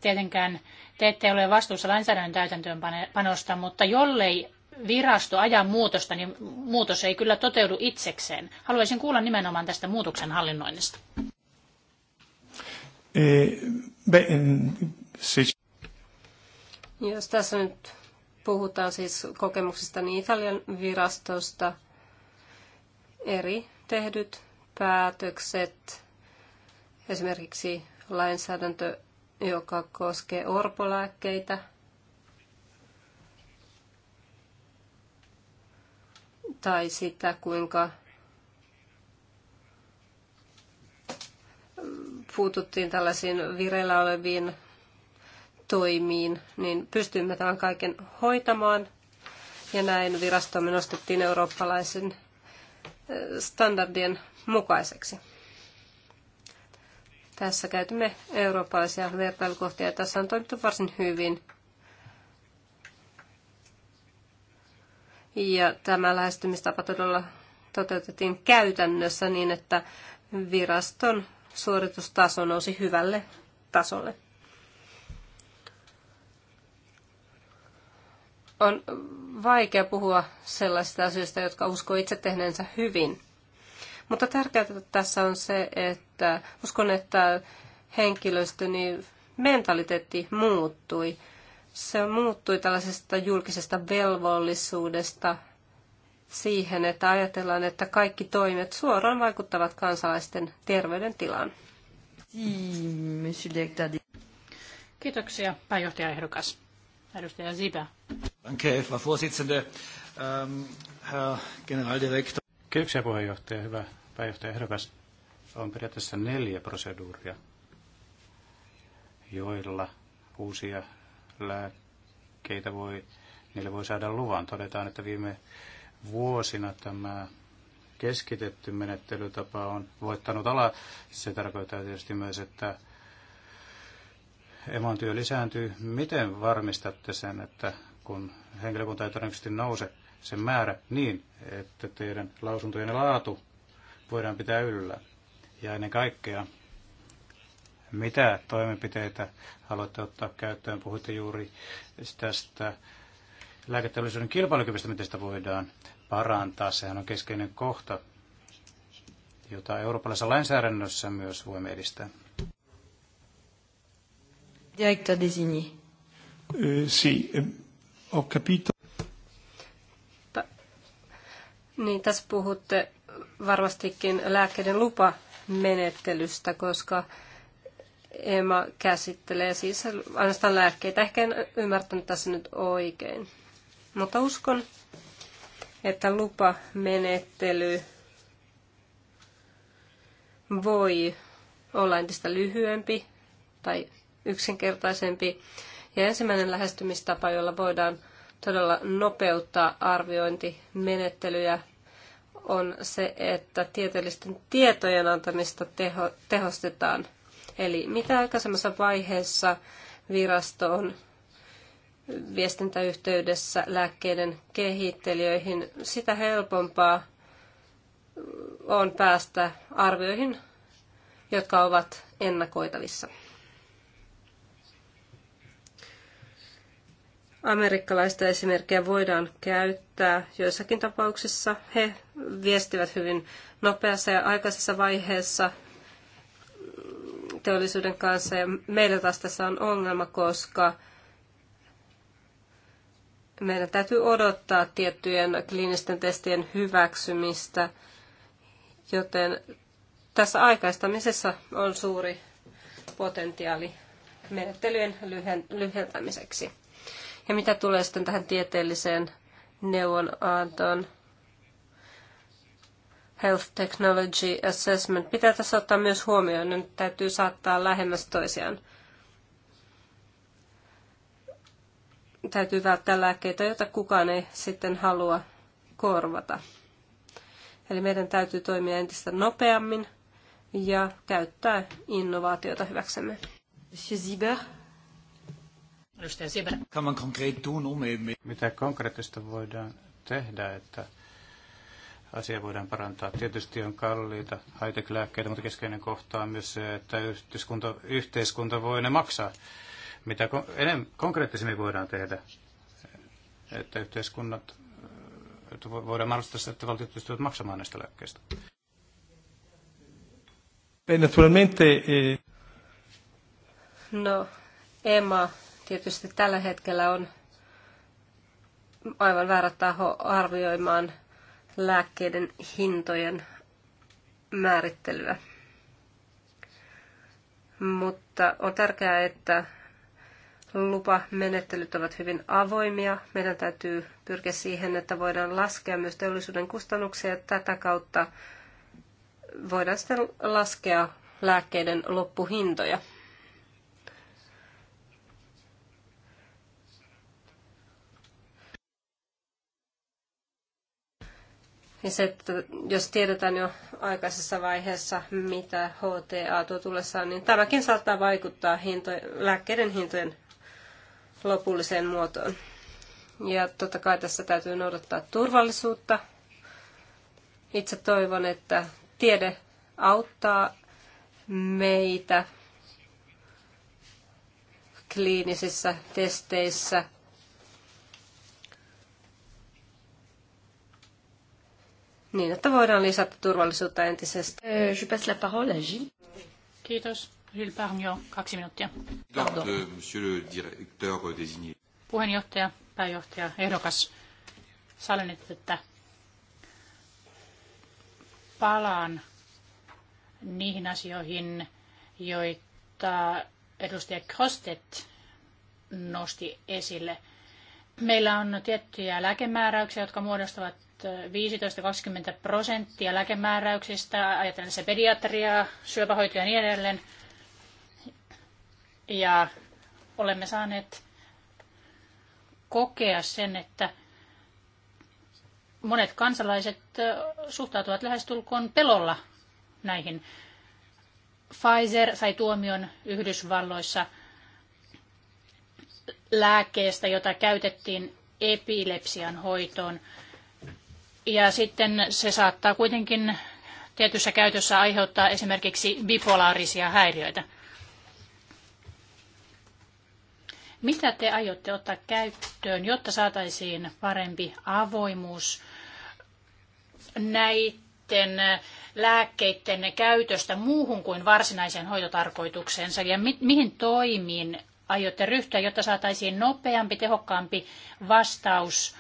Tietenkään te ette ole vastuussa lainsäädännön täytäntöönpanosta, mutta jollei virasto aja muutosta, niin muutos ei kyllä toteudu itsekseen. Haluaisin kuulla nimenomaan tästä muutoksen hallinnoinnista.
Eh, mm,
Jos tässä nyt Puhutaan siis niin Italian virastosta. Eri tehdyt päätökset, esimerkiksi lainsäädäntö, joka koskee orpolääkkeitä, tai sitä, kuinka puututtiin tällaisiin vireillä oleviin toimiin, niin pystymme tämän kaiken hoitamaan. Ja näin virastomme nostettiin eurooppalaisen standardien mukaiseksi. Tässä käytimme eurooppalaisia vertailukohtia. Tässä on toimittu varsin hyvin. Ja tämä lähestymistapa todella toteutettiin käytännössä niin, että viraston suoritustaso nousi hyvälle tasolle. on vaikea puhua sellaisista asioista, jotka uskoo itse tehneensä hyvin. Mutta tärkeää tässä on se, että uskon, että henkilöstöni mentaliteetti muuttui. Se muuttui tällaisesta julkisesta velvollisuudesta siihen, että ajatellaan, että kaikki toimet suoraan vaikuttavat kansalaisten terveydentilaan. Kiitoksia,
pääjohtajaehdokas.
Edustaja Zipä.
Danke, Frau
Vorsitzende. Ähm, Herr Generaldirektor. Kiitoksia puheenjohtaja. Hyvä pääjohtaja Herväs. On periaatteessa neljä proseduuria, joilla uusia lääkkeitä voi, niille voi saada luvan. Todetaan, että viime vuosina tämä keskitetty menettelytapa on voittanut ala. Se tarkoittaa tietysti myös, että emon työ lisääntyy. Miten varmistatte sen, että kun henkilökunta ei todennäköisesti nouse sen määrä niin, että teidän lausuntojen laatu voidaan pitää yllä. Ja ennen kaikkea, mitä toimenpiteitä haluatte ottaa käyttöön? Puhuitte juuri tästä lääketeollisuuden kilpailukyvystä, miten sitä voidaan parantaa. Sehän on keskeinen kohta, jota eurooppalaisessa lainsäädännössä myös voimme edistää.
Directeur Designy.
Eh, si, euh, Ho capito.
Niin, tässä puhutte varmastikin lääkkeiden lupamenettelystä, koska EMA käsittelee siis ainoastaan lääkkeitä. Ehkä en ymmärtänyt tässä nyt oikein. Mutta uskon, että lupamenettely voi olla entistä lyhyempi tai yksinkertaisempi ja ensimmäinen lähestymistapa, jolla voidaan todella nopeuttaa arviointimenettelyjä, on se, että tieteellisten tietojen antamista teho, tehostetaan. Eli mitä aikaisemmassa vaiheessa virasto on viestintäyhteydessä lääkkeiden kehittelijöihin, sitä helpompaa on päästä arvioihin, jotka ovat ennakoitavissa. amerikkalaista esimerkkiä voidaan käyttää. Joissakin tapauksissa he viestivät hyvin nopeassa ja aikaisessa vaiheessa teollisuuden kanssa. Ja meillä taas tässä on ongelma, koska meidän täytyy odottaa tiettyjen kliinisten testien hyväksymistä, joten tässä aikaistamisessa on suuri potentiaali menettelyjen lyhentämiseksi. Ja mitä tulee sitten tähän tieteelliseen neuvonantoon, Health Technology Assessment. Pitää tässä ottaa myös huomioon, ne niin täytyy saattaa lähemmäs toisiaan. Täytyy välttää lääkkeitä, joita kukaan ei sitten halua korvata. Eli meidän täytyy toimia entistä nopeammin ja käyttää innovaatiota hyväksemme. Monsieur Ziber.
Mitä konkreettista voidaan tehdä, että asia voidaan parantaa? Tietysti on kalliita high-tech-lääkkeitä, mutta keskeinen kohta on myös se, että yhteiskunta, yhteiskunta voi ne maksaa. Mitä enem, konkreettisemmin voidaan tehdä, että yhteiskunnat että voidaan mahdollistaa se, että valtiot pystyvät maksamaan näistä lääkkeistä?
Naturalmente... Eh,
no, Emma. Tietysti tällä hetkellä on aivan väärä taho arvioimaan lääkkeiden hintojen määrittelyä. Mutta on tärkeää, että lupamenettelyt ovat hyvin avoimia. Meidän täytyy pyrkiä siihen, että voidaan laskea myös teollisuuden kustannuksia ja tätä kautta voidaan sitten laskea lääkkeiden loppuhintoja. Ja se, että jos tiedetään jo aikaisessa vaiheessa, mitä HTA tuo tullessaan, niin tämäkin saattaa vaikuttaa hinto, lääkkeiden hintojen lopulliseen muotoon. Ja totta kai tässä täytyy noudattaa turvallisuutta. Itse toivon, että tiede auttaa meitä kliinisissä testeissä – niin, että voidaan lisätä turvallisuutta entisestä. Euh, je passe la parole à Gilles.
Kiitos. Gilles Parmio, kaksi minuuttia.
Monsieur le directeur désigné.
Puheenjohtaja, pääjohtaja, ehdokas. Sallin, että palaan niihin asioihin, joita edustaja Krostet nosti esille. Meillä on tiettyjä lääkemääräyksiä, jotka muodostavat 15-20 prosenttia lääkemääräyksistä, ajatellen se pediatriaa, syöpähoitoja ja niin edelleen. Ja olemme saaneet kokea sen, että monet kansalaiset suhtautuvat lähestulkoon pelolla näihin. Pfizer sai tuomion Yhdysvalloissa lääkkeestä, jota käytettiin epilepsian hoitoon. Ja sitten se saattaa kuitenkin tietyssä käytössä aiheuttaa esimerkiksi bipolaarisia häiriöitä. Mitä te aiotte ottaa käyttöön, jotta saataisiin parempi avoimuus näiden lääkkeiden käytöstä muuhun kuin varsinaiseen hoitotarkoitukseensa ja mi- mihin toimiin aiotte ryhtyä, jotta saataisiin nopeampi, tehokkaampi vastaus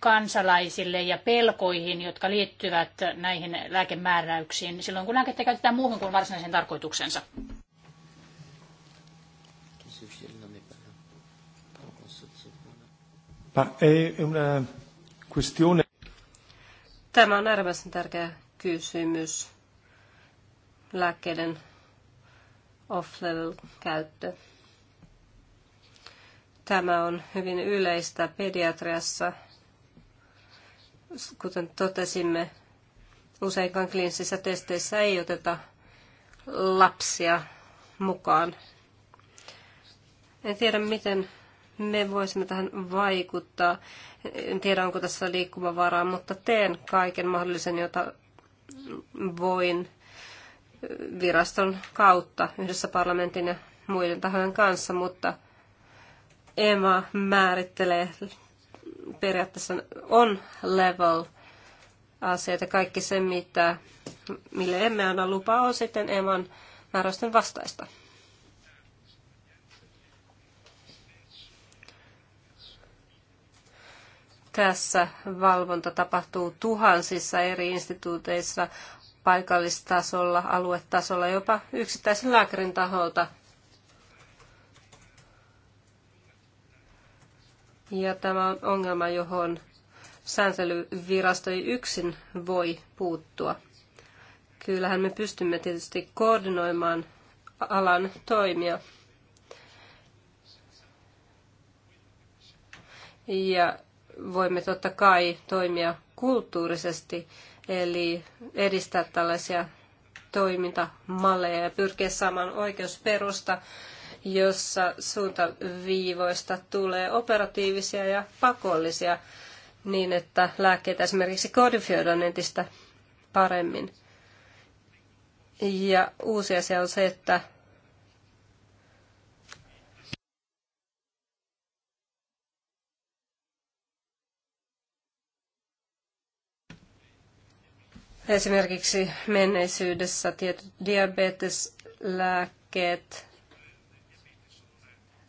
kansalaisille ja pelkoihin, jotka liittyvät näihin lääkemääräyksiin niin silloin, kun lääkettä käytetään muuhun kuin varsinaiseen tarkoituksensa?
Tämä on äärimmäisen tärkeä kysymys. Lääkkeiden off-level-käyttö. Tämä on hyvin yleistä pediatriassa Kuten totesimme, useinkaan kliinisissä testeissä ei oteta lapsia mukaan. En tiedä, miten me voisimme tähän vaikuttaa. En tiedä, onko tässä liikkumavaraa, mutta teen kaiken mahdollisen, jota voin viraston kautta yhdessä parlamentin ja muiden tahojen kanssa, mutta EMA määrittelee periaatteessa on level asioita. Kaikki se, mitä, mille emme anna lupaa, on sitten EMAn määräysten vastaista. Tässä valvonta tapahtuu tuhansissa eri instituuteissa, paikallistasolla, aluetasolla, jopa yksittäisen lääkärin taholta – Ja tämä on ongelma, johon sääntelyvirasto ei yksin voi puuttua. Kyllähän me pystymme tietysti koordinoimaan alan toimia. Ja voimme totta kai toimia kulttuurisesti, eli edistää tällaisia toimintamalleja ja pyrkiä saamaan oikeusperusta jossa suuntaviivoista tulee operatiivisia ja pakollisia niin, että lääkkeitä esimerkiksi kodifioidaan entistä paremmin. Ja uusi asia on se, että esimerkiksi menneisyydessä tietyt diabeteslääkkeet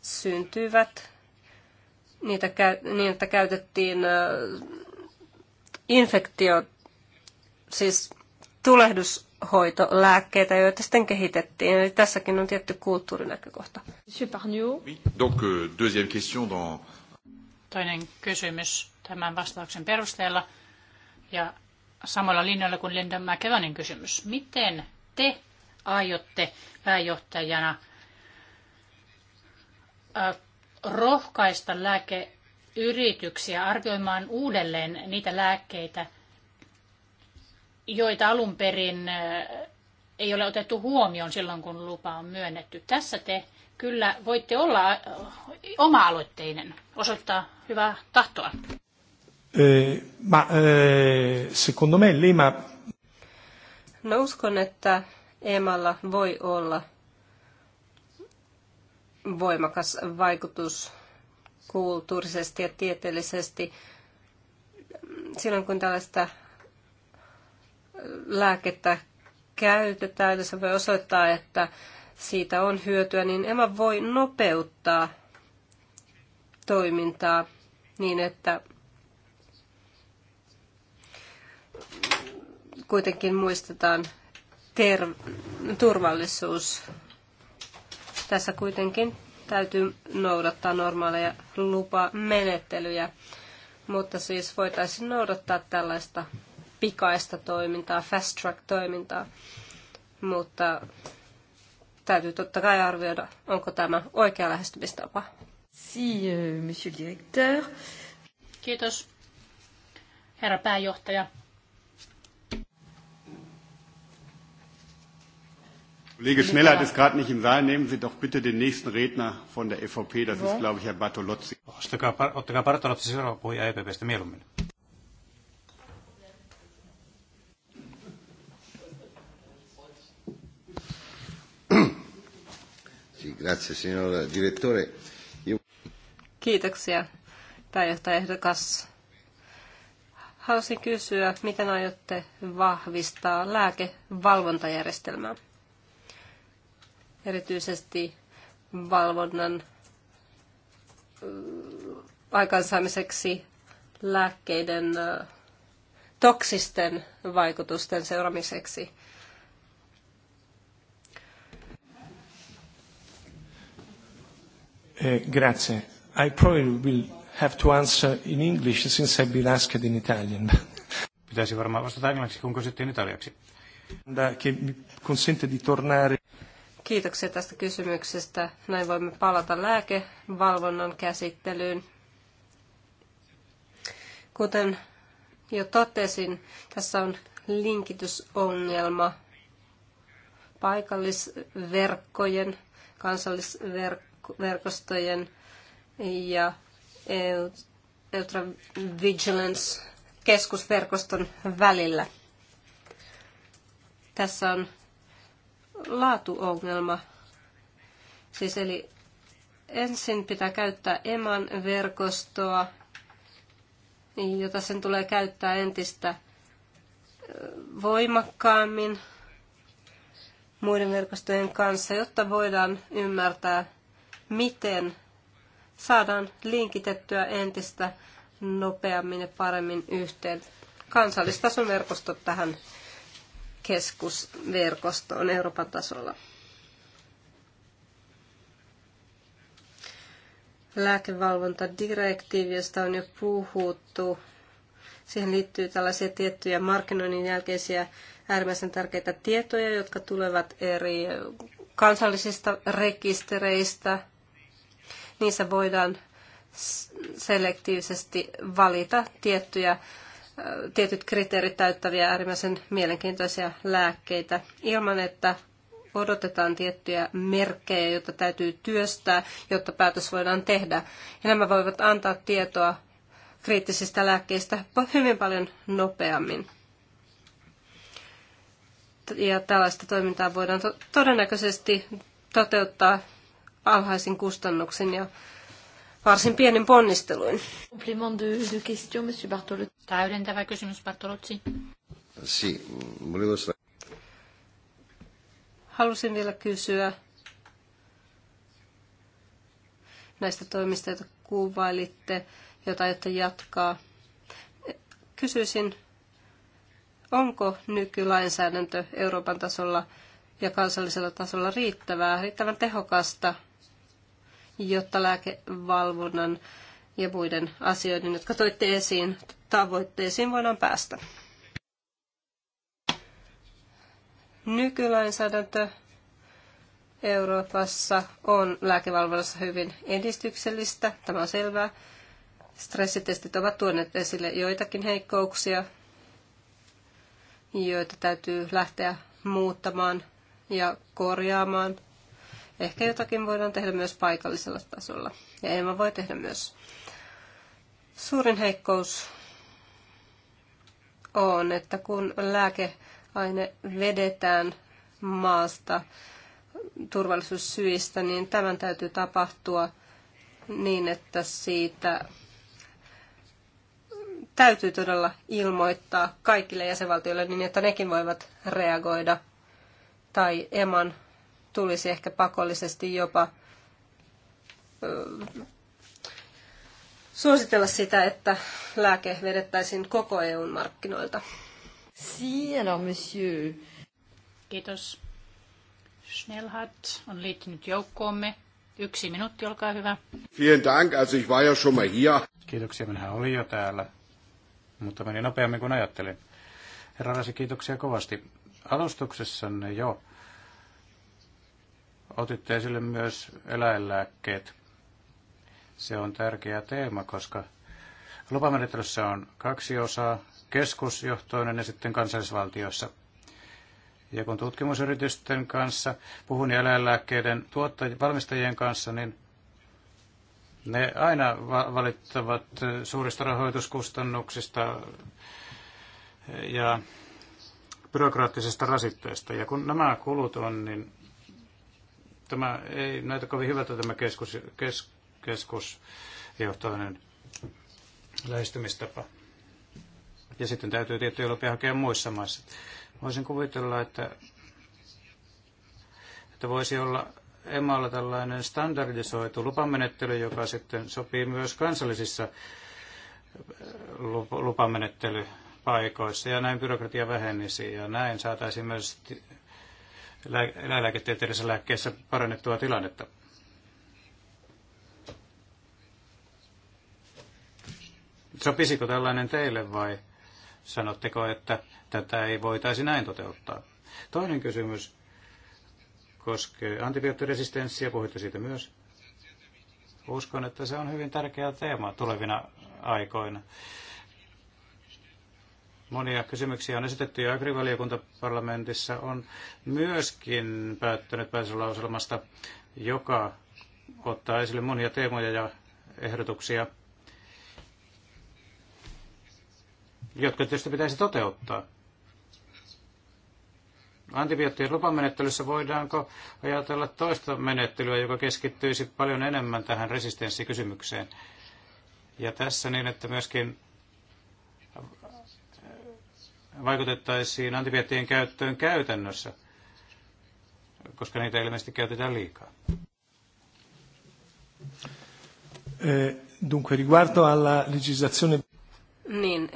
syntyivät niitä, niin, että käytettiin infektio, siis tulehdushoitolääkkeitä, joita sitten kehitettiin. Eli tässäkin on tietty kulttuurinäkökohta. Euh, Toinen
kysymys tämän vastauksen perusteella ja samalla linjalla kuin Linda McEvanin kysymys. Miten te aiotte pääjohtajana – rohkaista lääkeyrityksiä arvioimaan uudelleen niitä lääkkeitä, joita alun perin ei ole otettu huomioon silloin, kun lupa on myönnetty. Tässä te kyllä voitte olla oma-aloitteinen, osoittaa hyvää tahtoa.
ma, secondo me Lima...
No uskon, että Emalla voi olla voimakas vaikutus kulttuurisesti ja tieteellisesti silloin, kun tällaista lääkettä käytetään, jos se voi osoittaa, että siitä on hyötyä, niin emä voi nopeuttaa toimintaa niin, että kuitenkin muistetaan ter- turvallisuus tässä kuitenkin täytyy noudattaa normaaleja lupamenettelyjä, mutta siis voitaisiin noudattaa tällaista pikaista toimintaa, fast track toimintaa, mutta täytyy totta kai arvioida, onko tämä oikea lähestymistapa. Si, euh, monsieur directeur.
Kiitos, herra pääjohtaja.
Kollege Schnellert ist gerade nicht im Saal. Nehmen Sie doch bitte den nächsten Redner von der EVP. Das ist, glaube ich, Herr Bartolozzi.
Ottakaa, ottakaa Bartolozzi seuraava puhuja EPPstä mieluummin. Grazie, signor direttore.
Kiitoksia, pääjohtajaehdokas. Haluaisin kysyä, miten aiotte vahvistaa lääkevalvontajärjestelmää? erityisesti valvonnan äh, aikaansaamiseksi lääkkeiden äh, toksisten vaikutusten seuraamiseksi.
Eh, grazie. I probably will have to answer in English since I've been asked in Italian.
Pitäisi varmaan vastata englanniksi, kun kysyttiin italiaksi.
Che mi consente di tornare
Kiitoksia tästä kysymyksestä. Näin voimme palata lääkevalvonnan käsittelyyn. Kuten jo totesin, tässä on linkitysongelma paikallisverkkojen, kansallisverkostojen ja Ultra Vigilance keskusverkoston välillä. Tässä on laatuongelma. Siis eli ensin pitää käyttää EMAN verkostoa, jota sen tulee käyttää entistä voimakkaammin muiden verkostojen kanssa, jotta voidaan ymmärtää, miten saadaan linkitettyä entistä nopeammin ja paremmin yhteen. Kansallistason verkostot tähän keskusverkostoon Euroopan tasolla. Lääkevalvontadirektiivi, josta on jo puhuttu, siihen liittyy tällaisia tiettyjä markkinoinnin jälkeisiä äärimmäisen tärkeitä tietoja, jotka tulevat eri kansallisista rekistereistä. Niissä voidaan selektiivisesti valita tiettyjä tietyt kriteerit täyttäviä äärimmäisen mielenkiintoisia lääkkeitä ilman, että odotetaan tiettyjä merkkejä, joita täytyy työstää, jotta päätös voidaan tehdä. Ja nämä voivat antaa tietoa kriittisistä lääkkeistä hyvin paljon nopeammin. Ja tällaista toimintaa voidaan todennäköisesti toteuttaa alhaisin kustannuksin ja varsin pienin ponnisteluin. Täydentävä kysymys, Bartolozzi. Si, Halusin vielä kysyä näistä toimista, joita kuvailitte, joita aiotte jatkaa. Kysyisin, onko nykylainsäädäntö Euroopan tasolla ja kansallisella tasolla riittävää, riittävän tehokasta – jotta lääkevalvonnan ja muiden asioiden, jotka toitte esiin, tavoitteisiin voidaan päästä. Nykylainsäädäntö Euroopassa on lääkevalvonnassa hyvin edistyksellistä, tämä on selvää. Stressitestit ovat tuoneet esille joitakin heikkouksia, joita täytyy lähteä muuttamaan ja korjaamaan – Ehkä jotakin voidaan tehdä myös paikallisella tasolla. Ja Emma voi tehdä myös. Suurin heikkous on, että kun lääkeaine vedetään maasta turvallisuussyistä, niin tämän täytyy tapahtua niin, että siitä täytyy todella ilmoittaa kaikille jäsenvaltioille niin, että nekin voivat reagoida. Tai EMAN tulisi ehkä pakollisesti jopa suositella sitä, että lääke vedettäisiin koko EUn markkinoilta. Siellä, alors
monsieur. Kiitos. Schnellhardt on liittynyt joukkoomme. Yksi minuutti, olkaa hyvä.
Vielen dank, also ich war ja schon mal hier. Kiitoksia, minä
olin jo täällä, mutta meni nopeammin kuin ajattelin. Herra Rasi, kiitoksia kovasti. Alustuksessanne jo Otitte esille myös eläinlääkkeet. Se on tärkeä teema, koska lupamenettelyssä on kaksi osaa, keskusjohtoinen ja sitten kansallisvaltiossa. Ja kun tutkimusyritysten kanssa puhun ja eläinlääkkeiden tuottajien, valmistajien kanssa, niin ne aina valittavat suurista rahoituskustannuksista ja byrokraattisesta rasitteesta. Ja kun nämä kulut on, niin Tämä ei näytä kovin hyvältä tämä keskus, kes, keskusjohtoinen lähestymistapa. Ja sitten täytyy tiettyjä lupia hakea muissa maissa. Voisin kuvitella, että, että voisi olla emalla tällainen standardisoitu lupamenettely, joka sitten sopii myös kansallisissa äh, lupamenettelypaikoissa ja näin byrokratia vähenisi ja näin saataisiin myös eläinlääketieteellisessä lääkkeessä parannettua tilannetta. Sopisiko tällainen teille vai sanotteko, että tätä ei voitaisi näin toteuttaa? Toinen kysymys koskee antibioottiresistenssiä, puhuitte siitä myös. Uskon, että se on hyvin tärkeä teema tulevina aikoina. Monia kysymyksiä on esitetty ja agrivaliokunta parlamentissa on myöskin päättänyt pääsylauselmasta, joka ottaa esille monia teemoja ja ehdotuksia, jotka tietysti pitäisi toteuttaa. Antibioottien lupamenettelyssä voidaanko ajatella toista menettelyä, joka keskittyisi paljon enemmän tähän resistenssikysymykseen? Ja tässä niin, että myöskin vaikutettaisiin antibioottien käyttöön käytännössä, koska niitä ilmeisesti käytetään liikaa.
Eh, dunque, riguardo alla legislazione...
Niin,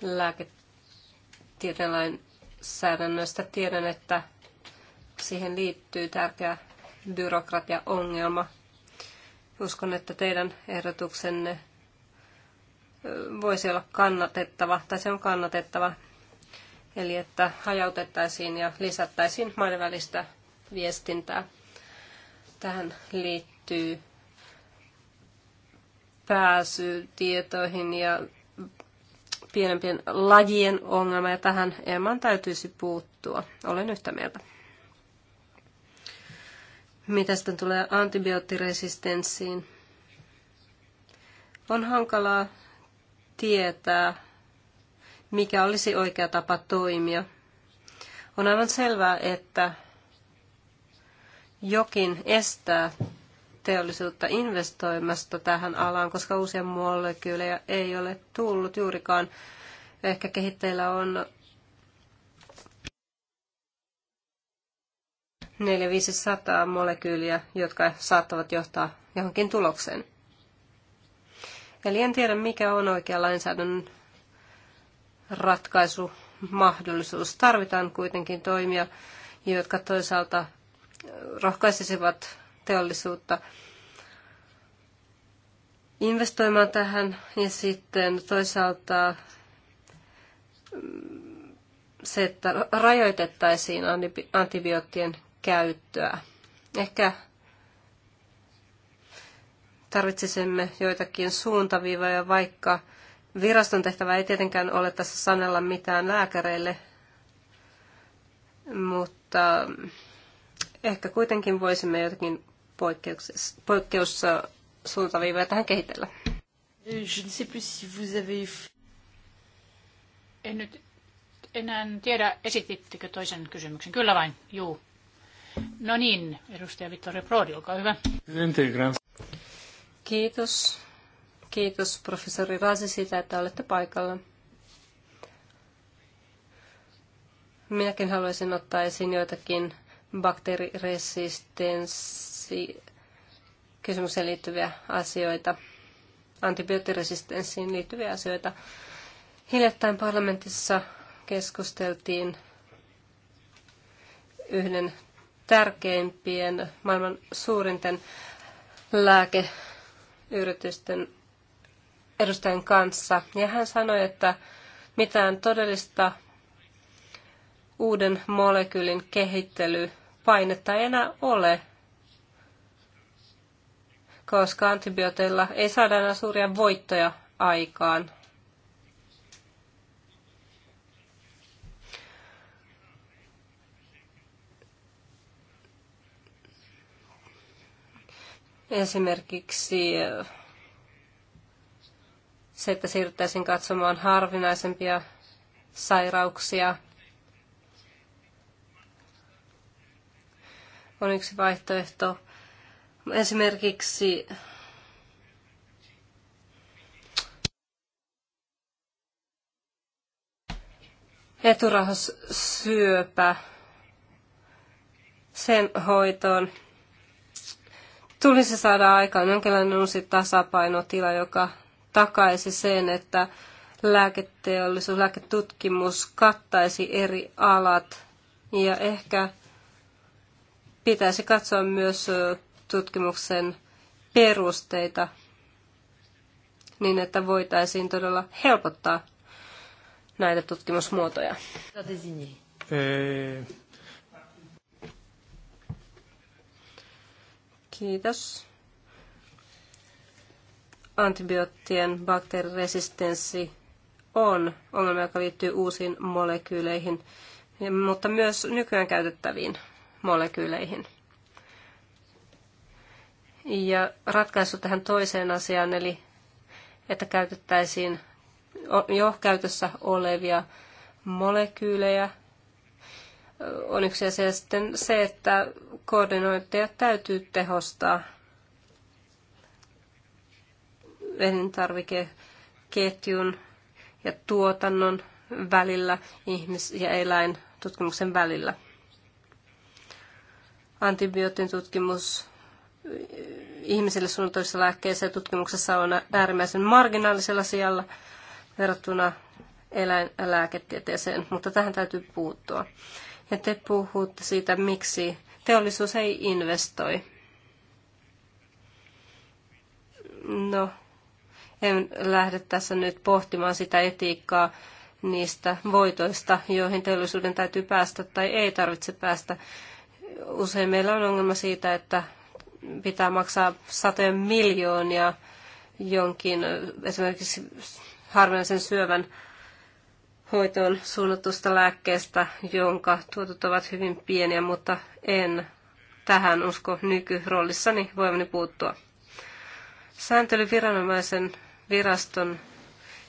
eläinlääketieteen lainsäädännöstä tiedän, että siihen liittyy tärkeä byrokratiaongelma. Uskon, että teidän ehdotuksenne voisi olla kannatettava, tai se on kannatettava, eli että hajautettaisiin ja lisättäisiin maiden välistä viestintää. Tähän liittyy pääsy tietoihin ja pienempien lajien ongelma, ja tähän EMAN täytyisi puuttua. Olen yhtä mieltä. Mitä sitten tulee antibioottiresistenssiin? On hankalaa tietää, mikä olisi oikea tapa toimia. On aivan selvää, että jokin estää teollisuutta investoimasta tähän alaan, koska uusia molekyylejä ei ole tullut juurikaan. Ehkä kehitteillä on 400 500 molekyyliä, jotka saattavat johtaa johonkin tulokseen. Eli en tiedä, mikä on oikea lainsäädännön ratkaisu mahdollisuus. Tarvitaan kuitenkin toimia, jotka toisaalta rohkaisisivat teollisuutta investoimaan tähän ja sitten toisaalta se, että rajoitettaisiin antibioottien käyttöä. Ehkä tarvitsisimme joitakin suuntaviivoja, vaikka viraston tehtävä ei tietenkään ole tässä sanella mitään lääkäreille, mutta ehkä kuitenkin voisimme jotakin poikkeussuuntaviivoja tähän kehitellä.
En nyt enää tiedä, esitittekö toisen kysymyksen. Kyllä vain, juu. No niin, edustaja Vittorio Prodi, olkaa hyvä.
Kiitos. Kiitos professori Rasi siitä, että olette paikalla. Minäkin haluaisin ottaa esiin joitakin bakteeriresistenssi kysymykseen liittyviä asioita, antibioottiresistenssiin liittyviä asioita. Hiljattain parlamentissa keskusteltiin yhden tärkeimpien, maailman suurinten lääke yritysten edustajan kanssa. Ja hän sanoi, että mitään todellista uuden molekyylin kehittelypainetta ei enää ole, koska antibiooteilla ei saada enää suuria voittoja aikaan. Esimerkiksi eh, se, että siirryttäisiin katsomaan harvinaisempia sairauksia, on yksi vaihtoehto. Esimerkiksi eturahassyöpä sen hoitoon tulisi saada aikaan jonkinlainen uusi tasapainotila, joka takaisi sen, että lääketeollisuus, lääketutkimus kattaisi eri alat ja ehkä pitäisi katsoa myös tutkimuksen perusteita niin, että voitaisiin todella helpottaa näitä tutkimusmuotoja. Kiitos. Antibioottien bakteeriresistenssi on ongelma, joka liittyy uusiin molekyyleihin, mutta myös nykyään käytettäviin molekyyleihin. Ja ratkaisu tähän toiseen asiaan, eli että käytettäisiin jo käytössä olevia molekyylejä on yksi asia. sitten se, että koordinointia täytyy tehostaa elintarvikeketjun ja tuotannon välillä, ihmis- ja eläintutkimuksen välillä. Antibiootin tutkimus ihmisille suunnitelmissa lääkkeissä ja tutkimuksessa on äärimmäisen marginaalisella sijalla verrattuna eläinlääketieteeseen, mutta tähän täytyy puuttua. Ja te puhutte siitä, miksi teollisuus ei investoi. No, en lähde tässä nyt pohtimaan sitä etiikkaa niistä voitoista, joihin teollisuuden täytyy päästä tai ei tarvitse päästä. Usein meillä on ongelma siitä, että pitää maksaa satoja miljoonia jonkin esimerkiksi harvinaisen syövän hoitoon suunnatusta lääkkeestä, jonka tuotot ovat hyvin pieniä, mutta en tähän usko nykyroolissani voimani puuttua. Sääntelyviranomaisen viraston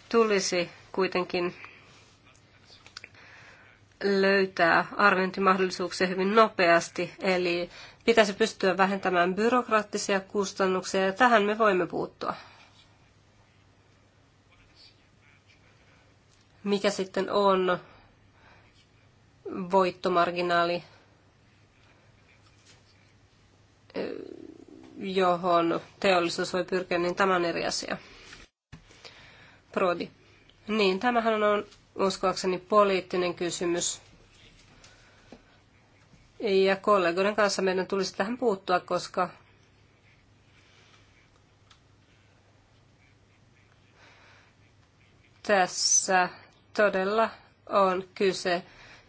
tulisi kuitenkin löytää arviointimahdollisuuksia hyvin nopeasti, eli pitäisi pystyä vähentämään byrokraattisia kustannuksia, ja tähän me voimme puuttua. mikä sitten on voittomarginaali, eh, johon teollisuus voi pyrkiä, niin tämä on eri asia. Prodi. Niin, tämähän on uskoakseni poliittinen kysymys. Ja kollegoiden kanssa meidän tulisi tähän puuttua, koska tässä todella on kyse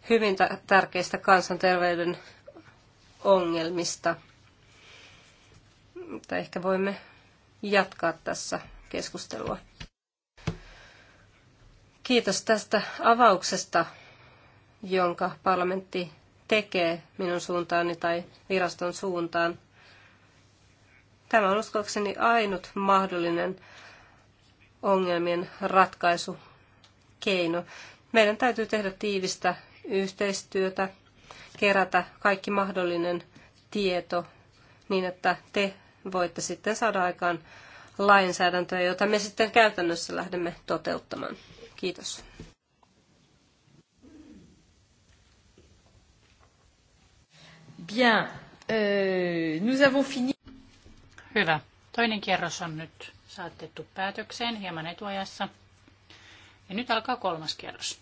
hyvin tärkeistä kansanterveyden ongelmista. Mutta ehkä voimme jatkaa tässä keskustelua. Kiitos tästä avauksesta, jonka parlamentti tekee minun suuntaani tai viraston suuntaan. Tämä on uskoakseni ainut mahdollinen ongelmien ratkaisu keino. Meidän täytyy tehdä tiivistä yhteistyötä, kerätä kaikki mahdollinen tieto niin, että te voitte sitten saada aikaan lainsäädäntöä, jota me sitten käytännössä lähdemme toteuttamaan. Kiitos. Bien. Euh, nous
avons fini. Hyvä. Toinen kierros on nyt saatettu päätökseen hieman etuajassa. Ja nyt alkaa kolmas kierros.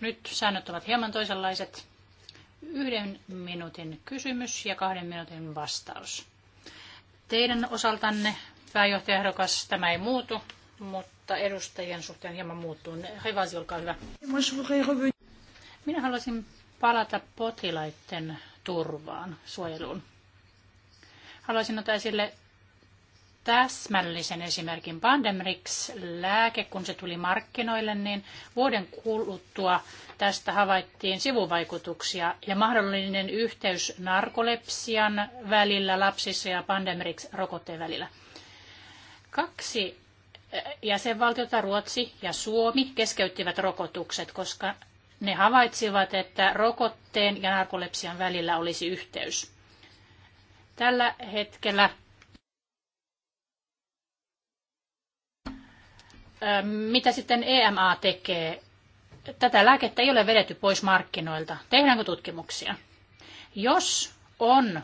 Nyt säännöt ovat hieman toisenlaiset. Yhden minuutin kysymys ja kahden minuutin vastaus. Teidän osaltanne, pääjohtajaehdokas, tämä ei muutu, mutta edustajien suhteen hieman muuttuu. Haivasi, olkaa hyvä. Minä haluaisin palata potilaiden turvaan, suojeluun. Haluaisin ottaa esille täsmällisen esimerkin. Pandemrix-lääke, kun se tuli markkinoille, niin vuoden kuluttua tästä havaittiin sivuvaikutuksia ja mahdollinen yhteys narkolepsian välillä lapsissa ja Pandemrix-rokotteen välillä. Kaksi jäsenvaltiota, Ruotsi ja Suomi, keskeyttivät rokotukset, koska ne havaitsivat, että rokotteen ja narkolepsian välillä olisi yhteys. Tällä hetkellä Ähm, mitä sitten EMA tekee? Tätä lääkettä ei ole vedetty pois markkinoilta. Tehdäänkö tutkimuksia? Jos on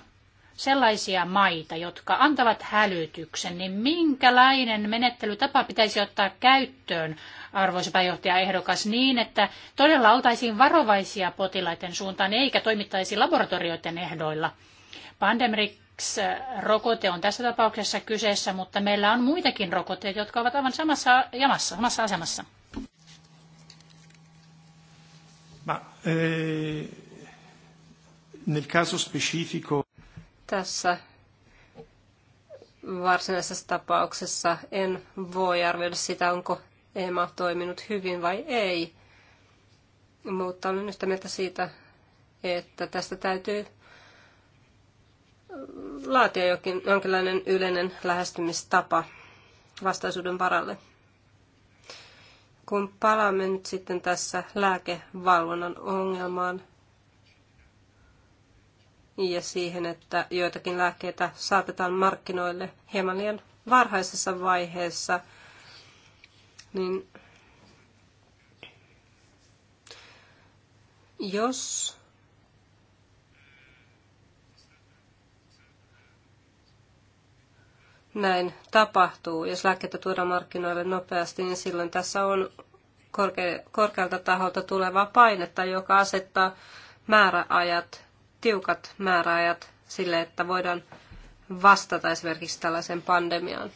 sellaisia maita, jotka antavat hälytyksen, niin minkälainen menettelytapa pitäisi ottaa käyttöön, arvoisa pääjohtaja ehdokas, niin että todella oltaisiin varovaisia potilaiden suuntaan eikä toimittaisi laboratorioiden ehdoilla? Pandemrik rokote on tässä tapauksessa kyseessä, mutta meillä on muitakin rokotteita, jotka ovat aivan samassa, jamassa, samassa asemassa?
Ma, eh, nel caso specifico...
Tässä varsinaisessa tapauksessa en voi arvioida sitä, onko EMA toiminut hyvin vai ei. Mutta olen yhtä mieltä siitä, että tästä täytyy laatia jokin, jonkinlainen yleinen lähestymistapa vastaisuuden varalle. Kun palaamme nyt sitten tässä lääkevalvonnan ongelmaan ja siihen, että joitakin lääkkeitä saatetaan markkinoille hieman liian varhaisessa vaiheessa, niin jos näin tapahtuu. Jos lääkkeitä tuodaan markkinoille nopeasti, niin silloin tässä on korkealta taholta tulevaa painetta, joka asettaa määräajat, tiukat määräajat sille, että voidaan vastata esimerkiksi tällaiseen pandemiaan.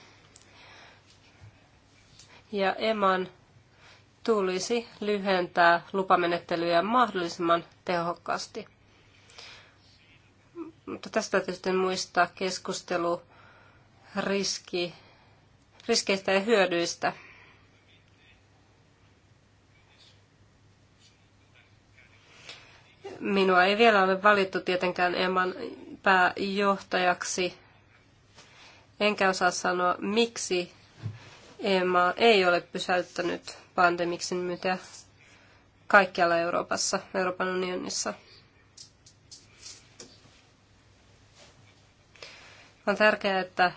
Ja EMAN tulisi lyhentää lupamenettelyjä mahdollisimman tehokkaasti. Mutta tästä täytyy sitten muistaa keskustelu riski, riskeistä ja hyödyistä. Minua ei vielä ole valittu tietenkään Eman pääjohtajaksi, enkä osaa sanoa, miksi EMA ei ole pysäyttänyt pandemiksen myyntiä kaikkialla Euroopassa, Euroopan unionissa. On tärkeää, että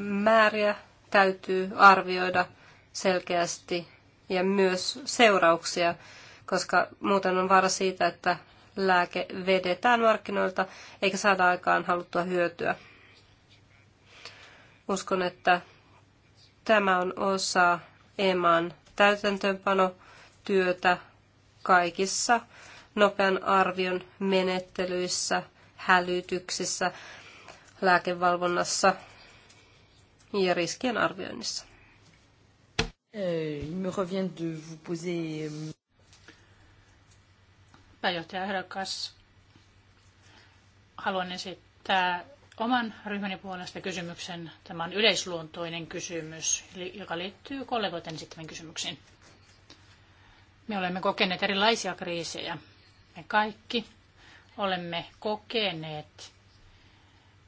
määriä täytyy arvioida selkeästi ja myös seurauksia, koska muuten on vaara siitä, että lääke vedetään markkinoilta eikä saada aikaan haluttua hyötyä. Uskon, että tämä on osa EMAN täytäntöönpanotyötä kaikissa nopean arvion menettelyissä, hälytyksissä, lääkevalvonnassa ja riskien arvioinnissa. Eh, euh,
Pääjohtaja Hölkas, haluan esittää oman ryhmäni puolesta kysymyksen. Tämä on yleisluontoinen kysymys, joka liittyy kollegoiden esittämiin kysymyksiin. Me olemme kokeneet erilaisia kriisejä. Me kaikki olemme kokeneet,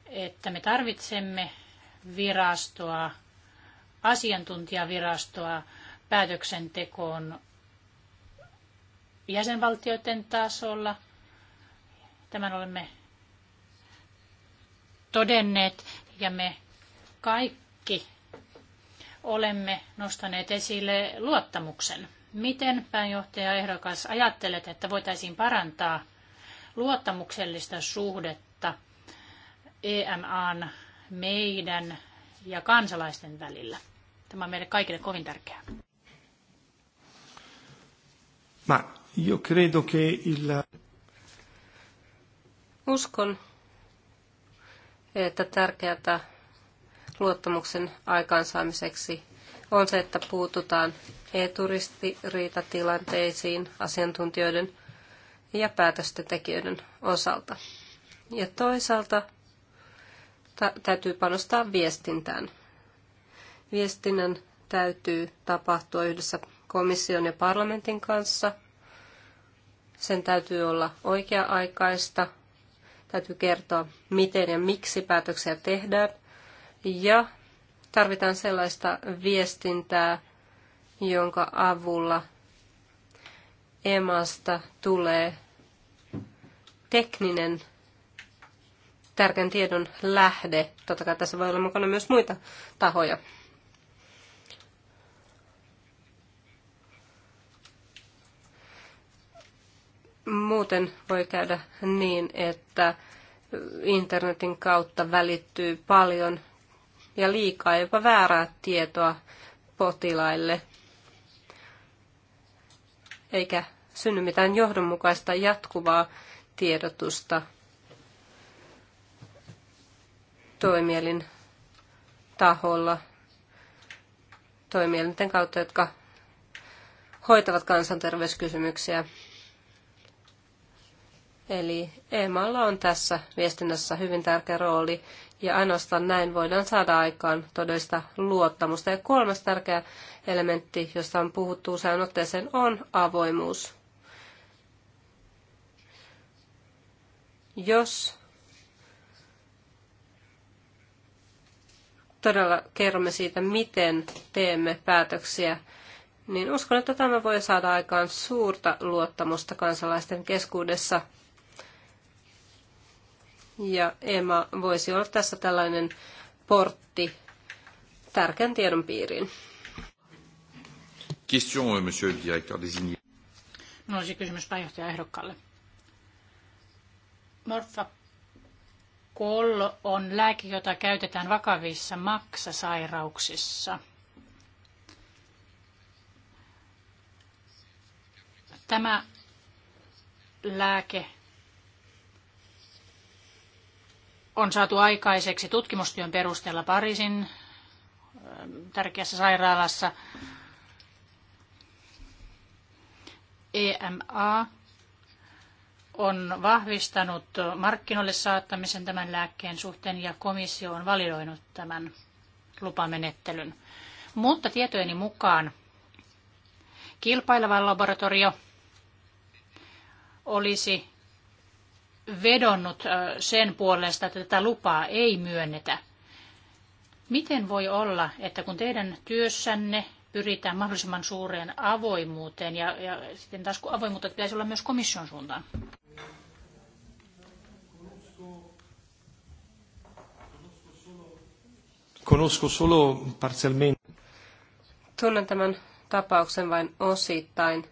että me tarvitsemme virastoa, asiantuntijavirastoa päätöksentekoon jäsenvaltioiden tasolla. Tämän olemme todenneet ja me kaikki olemme nostaneet esille luottamuksen. Miten pääjohtaja ehdokas ajattelet, että voitaisiin parantaa luottamuksellista suhdetta EMAn meidän ja kansalaisten välillä. Tämä on meille kaikille kovin tärkeää.
Ma io credo che il...
Uskon, että tärkeää luottamuksen aikaansaamiseksi on se, että puututaan e-turistiriitatilanteisiin asiantuntijoiden ja päätösten tekijöiden osalta. Ja toisaalta täytyy panostaa viestintään. Viestinnän täytyy tapahtua yhdessä komission ja parlamentin kanssa. Sen täytyy olla oikea-aikaista. Täytyy kertoa, miten ja miksi päätöksiä tehdään. Ja tarvitaan sellaista viestintää, jonka avulla emasta tulee tekninen tärkeän tiedon lähde. Totta kai tässä voi olla mukana myös muita tahoja. Muuten voi käydä niin, että internetin kautta välittyy paljon ja liikaa jopa väärää tietoa potilaille, eikä synny mitään johdonmukaista jatkuvaa tiedotusta – toimielin taholla, toimielinten kautta, jotka hoitavat kansanterveyskysymyksiä. Eli EMAlla on tässä viestinnässä hyvin tärkeä rooli ja ainoastaan näin voidaan saada aikaan todellista luottamusta. Ja kolmas tärkeä elementti, josta on puhuttu usein otteeseen, on avoimuus. Jos todella kerromme siitä, miten teemme päätöksiä, niin uskon, että tämä voi saada aikaan suurta luottamusta kansalaisten keskuudessa. Ja EMA voisi olla tässä tällainen portti tärkeän tiedon piiriin. Question, euh, monsieur le directeur désigné.
Minulla olisi kysymys Morfa Kol on lääke, jota käytetään vakavissa maksasairauksissa. Tämä lääke on saatu aikaiseksi tutkimustyön perusteella Pariisin ähm, tärkeässä sairaalassa. EMA on vahvistanut markkinoille saattamisen tämän lääkkeen suhteen ja komissio on validoinut tämän lupamenettelyn. Mutta tietojeni mukaan kilpaileva laboratorio olisi vedonnut sen puolesta, että tätä lupaa ei myönnetä. Miten voi olla, että kun teidän työssänne pyritään mahdollisimman suureen avoimuuteen ja, ja sitten taas kun avoimuutta pitäisi olla myös komission suuntaan.
Conosco solo parzialmente.
Tunnen tämän tapauksen vain osittain.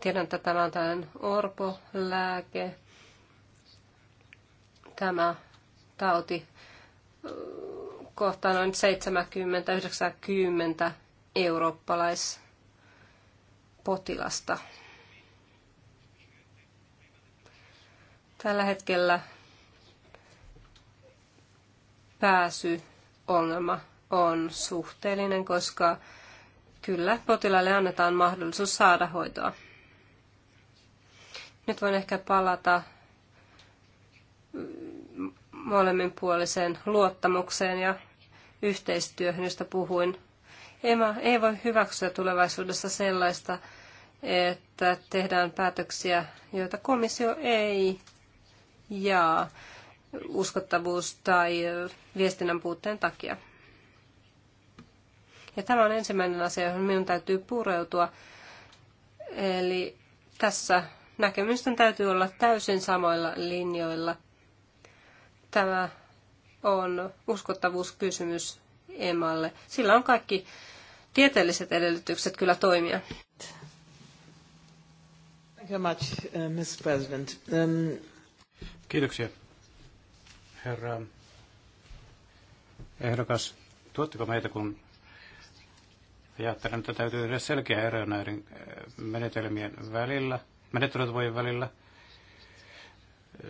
Tiedän, että tämä on tällainen orpolääke. Tämä tauti kohtaa noin 70-90 eurooppalaispotilasta. Tällä hetkellä pääsyongelma on suhteellinen, koska kyllä potilaalle annetaan mahdollisuus saada hoitoa. Nyt voin ehkä palata molemminpuoliseen luottamukseen ja yhteistyöhön, josta puhuin EMA ei voi hyväksyä tulevaisuudessa sellaista, että tehdään päätöksiä, joita komissio ei jaa uskottavuus- tai viestinnän puutteen takia. Ja tämä on ensimmäinen asia, johon minun täytyy pureutua. Eli tässä näkemysten täytyy olla täysin samoilla linjoilla. Tämä on uskottavuuskysymys emalle. Sillä on kaikki tieteelliset edellytykset kyllä toimia.
Thank you much, uh, Mr. President. Um...
Kiitoksia, herra ehdokas. Tuottiko meitä, kun ajattelen, että täytyy tehdä selkeä ero näiden äh, menetelmien välillä, menettelytapojen välillä,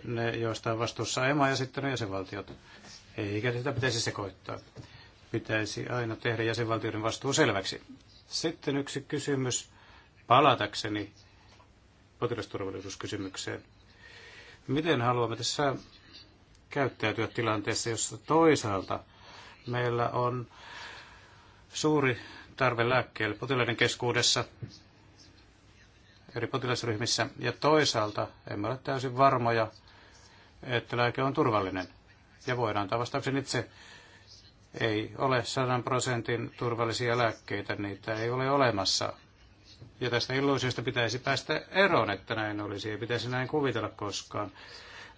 ne, joista on vastuussa EMA ja sitten on jäsenvaltiot. Eikä sitä pitäisi sekoittaa pitäisi aina tehdä jäsenvaltioiden vastuu selväksi. Sitten yksi kysymys palatakseni potilasturvallisuuskysymykseen. Miten haluamme tässä käyttäytyä tilanteessa, jossa toisaalta meillä on suuri tarve lääkkeelle potilaiden keskuudessa eri potilasryhmissä ja toisaalta emme ole täysin varmoja, että lääke on turvallinen ja voidaan antaa vastauksen itse ei ole sadan prosentin turvallisia lääkkeitä, niitä ei ole olemassa. Ja tästä illuusiosta pitäisi päästä eroon, että näin olisi, ei pitäisi näin kuvitella koskaan.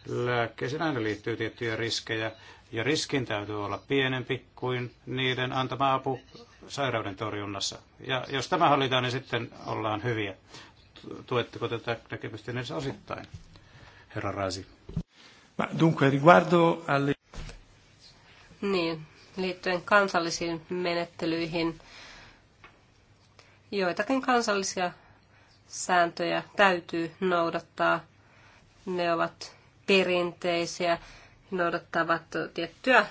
lääkkeisiin aina liittyy tiettyjä riskejä, ja riskin täytyy olla pienempi kuin niiden antama apu sairauden torjunnassa. Ja jos tämä hallitaan, niin sitten ollaan hyviä. Tuetteko tätä näkemystä edes osittain, herra Raisi?
Ma, dunque, riguardo alle...
Niin, liittyen kansallisiin menettelyihin. Joitakin kansallisia sääntöjä täytyy noudattaa. Ne ovat perinteisiä, noudattavat tiettyä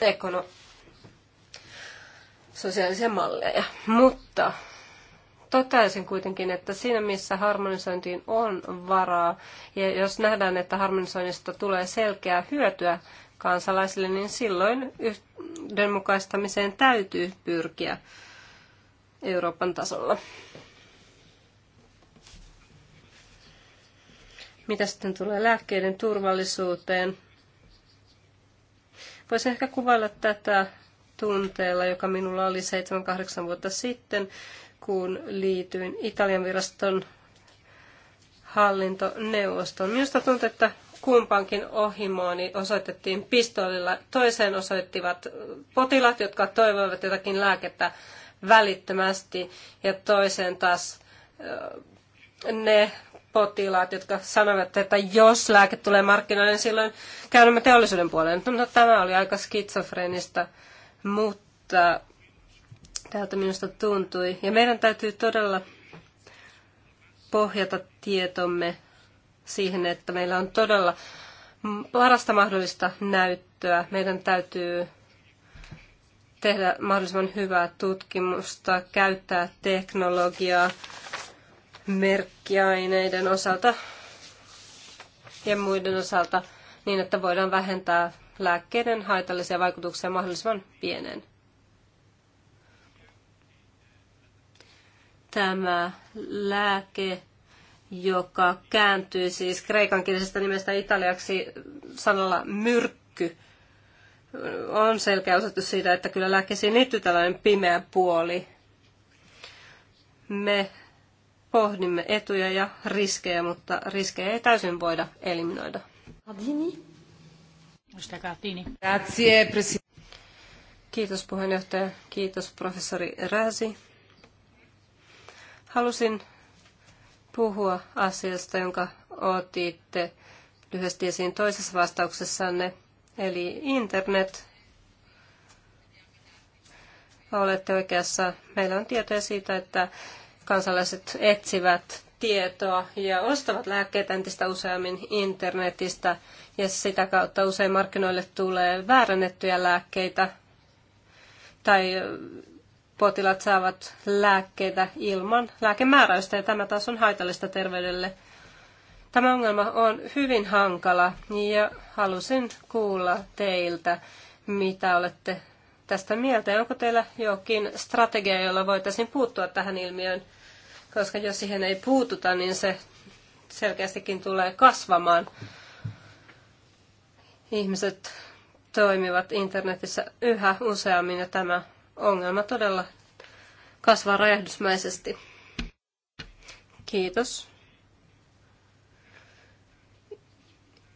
ekono, sosiaalisia malleja. Mutta toteaisin kuitenkin, että siinä missä harmonisointiin on varaa, ja jos nähdään, että harmonisoinnista tulee selkeää hyötyä kansalaisille, niin silloin yhdenmukaistamiseen täytyy pyrkiä Euroopan tasolla. Mitä sitten tulee lääkkeiden turvallisuuteen? Voisi ehkä kuvailla tätä tunteella, joka minulla oli 7-8 vuotta sitten, kun liityin Italian viraston hallintoneuvostoon. Minusta tuntuu, että kumpankin ohimoon niin osoitettiin pistoolilla. Toiseen osoittivat potilaat, jotka toivoivat jotakin lääkettä välittömästi, ja toiseen taas ne potilaat, jotka sanoivat, että jos lääke tulee markkinoille, niin silloin käydämme teollisuuden puoleen. No, tämä oli aika skitsofrenista, mutta täältä minusta tuntui. Ja meidän täytyy todella pohjata tietomme siihen, että meillä on todella parasta mahdollista näyttöä. Meidän täytyy tehdä mahdollisimman hyvää tutkimusta, käyttää teknologiaa merkkiaineiden osalta ja muiden osalta niin, että voidaan vähentää lääkkeiden haitallisia vaikutuksia mahdollisimman pienen. Tämä lääke joka kääntyy siis kreikankielisestä nimestä italiaksi sanalla myrkky, on selkeä osoitus siitä, että kyllä lääkkeisiin liittyy tällainen pimeä puoli. Me pohdimme etuja ja riskejä, mutta riskejä ei täysin voida eliminoida. Kiitos puheenjohtaja. Kiitos professori Räsi. Halusin puhua asiasta, jonka otitte lyhyesti esiin toisessa vastauksessanne, eli internet. Olette oikeassa. Meillä on tietoja siitä, että kansalaiset etsivät tietoa ja ostavat lääkkeitä entistä useammin internetistä ja sitä kautta usein markkinoille tulee väärännettyjä lääkkeitä tai potilaat saavat lääkkeitä ilman lääkemääräystä ja tämä taas on haitallista terveydelle. Tämä ongelma on hyvin hankala ja halusin kuulla teiltä, mitä olette tästä mieltä. Onko teillä jokin strategia, jolla voitaisiin puuttua tähän ilmiöön? Koska jos siihen ei puututa, niin se selkeästikin tulee kasvamaan. Ihmiset toimivat internetissä yhä useammin ja tämä ongelma todella kasvaa räjähdysmäisesti. Kiitos.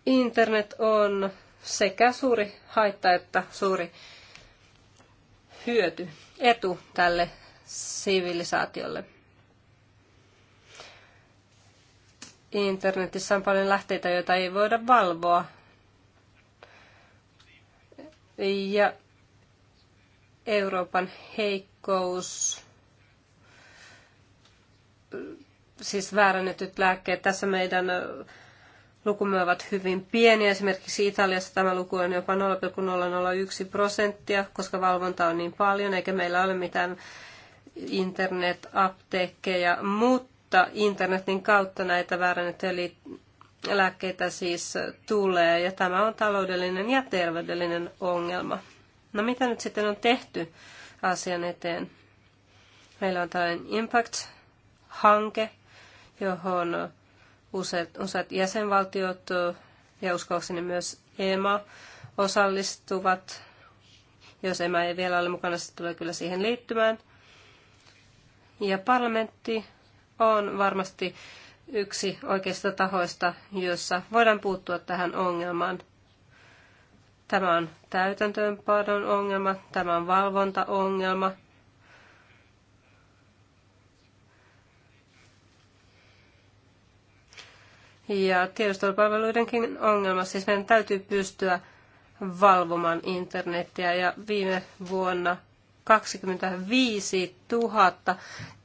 Internet on sekä suuri haitta että suuri hyöty, etu tälle sivilisaatiolle. Internetissä on paljon lähteitä, joita ei voida valvoa. Ja Euroopan heikkous, siis väärännetyt lääkkeet. Tässä meidän lukumme ovat hyvin pieniä. Esimerkiksi Italiassa tämä luku on jopa 0,001 prosenttia, koska valvonta on niin paljon, eikä meillä ole mitään internet-apteekkeja, mutta internetin kautta näitä väärännettyjä lääkkeitä siis tulee, ja tämä on taloudellinen ja terveydellinen ongelma. No mitä nyt sitten on tehty asian eteen? Meillä on tällainen Impact-hanke, johon useat, useat jäsenvaltiot ja uskoakseni myös EMA osallistuvat. Jos EMA ei vielä ole mukana, se tulee kyllä siihen liittymään. Ja parlamentti on varmasti yksi oikeista tahoista, jossa voidaan puuttua tähän ongelmaan – Tämä on täytäntöönpanon ongelma, tämä on valvontaongelma. Ja tiedustelupalveluidenkin ongelma, siis meidän täytyy pystyä valvomaan internettiä ja viime vuonna 25 000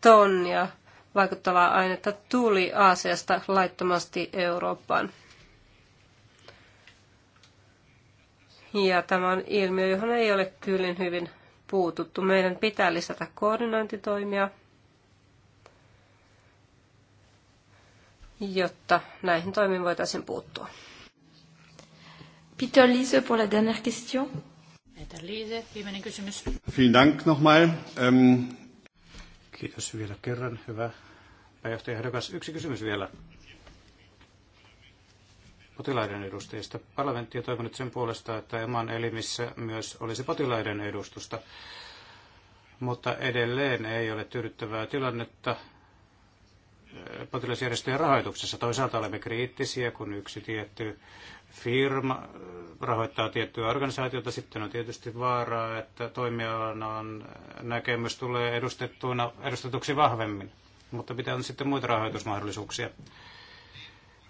tonnia vaikuttavaa ainetta tuli Aasiasta laittomasti Eurooppaan. Ja tämä on ilmiö, johon ei ole kyllin hyvin puututtu. Meidän pitää lisätä koordinointitoimia, jotta näihin toimiin voitaisiin puuttua. Peter Liese pour la dernière question. Peter
Liese, viimeinen kysymys.
Vielen
Dank nochmal. Ähm... Kiitos vielä kerran, hyvä pääjohtaja Ehdokas. Yksi kysymys vielä potilaiden edustajista. Parlamentti on toiminut sen puolesta, että eman elimissä myös olisi potilaiden edustusta, mutta edelleen ei ole tyydyttävää tilannetta eh, potilasjärjestöjen rahoituksessa. Toisaalta olemme kriittisiä, kun yksi tietty firma eh, rahoittaa tiettyä organisaatiota. Sitten on tietysti vaaraa, että toimialan näkemys tulee edustettuna, edustetuksi vahvemmin, mutta pitää on sitten muita rahoitusmahdollisuuksia.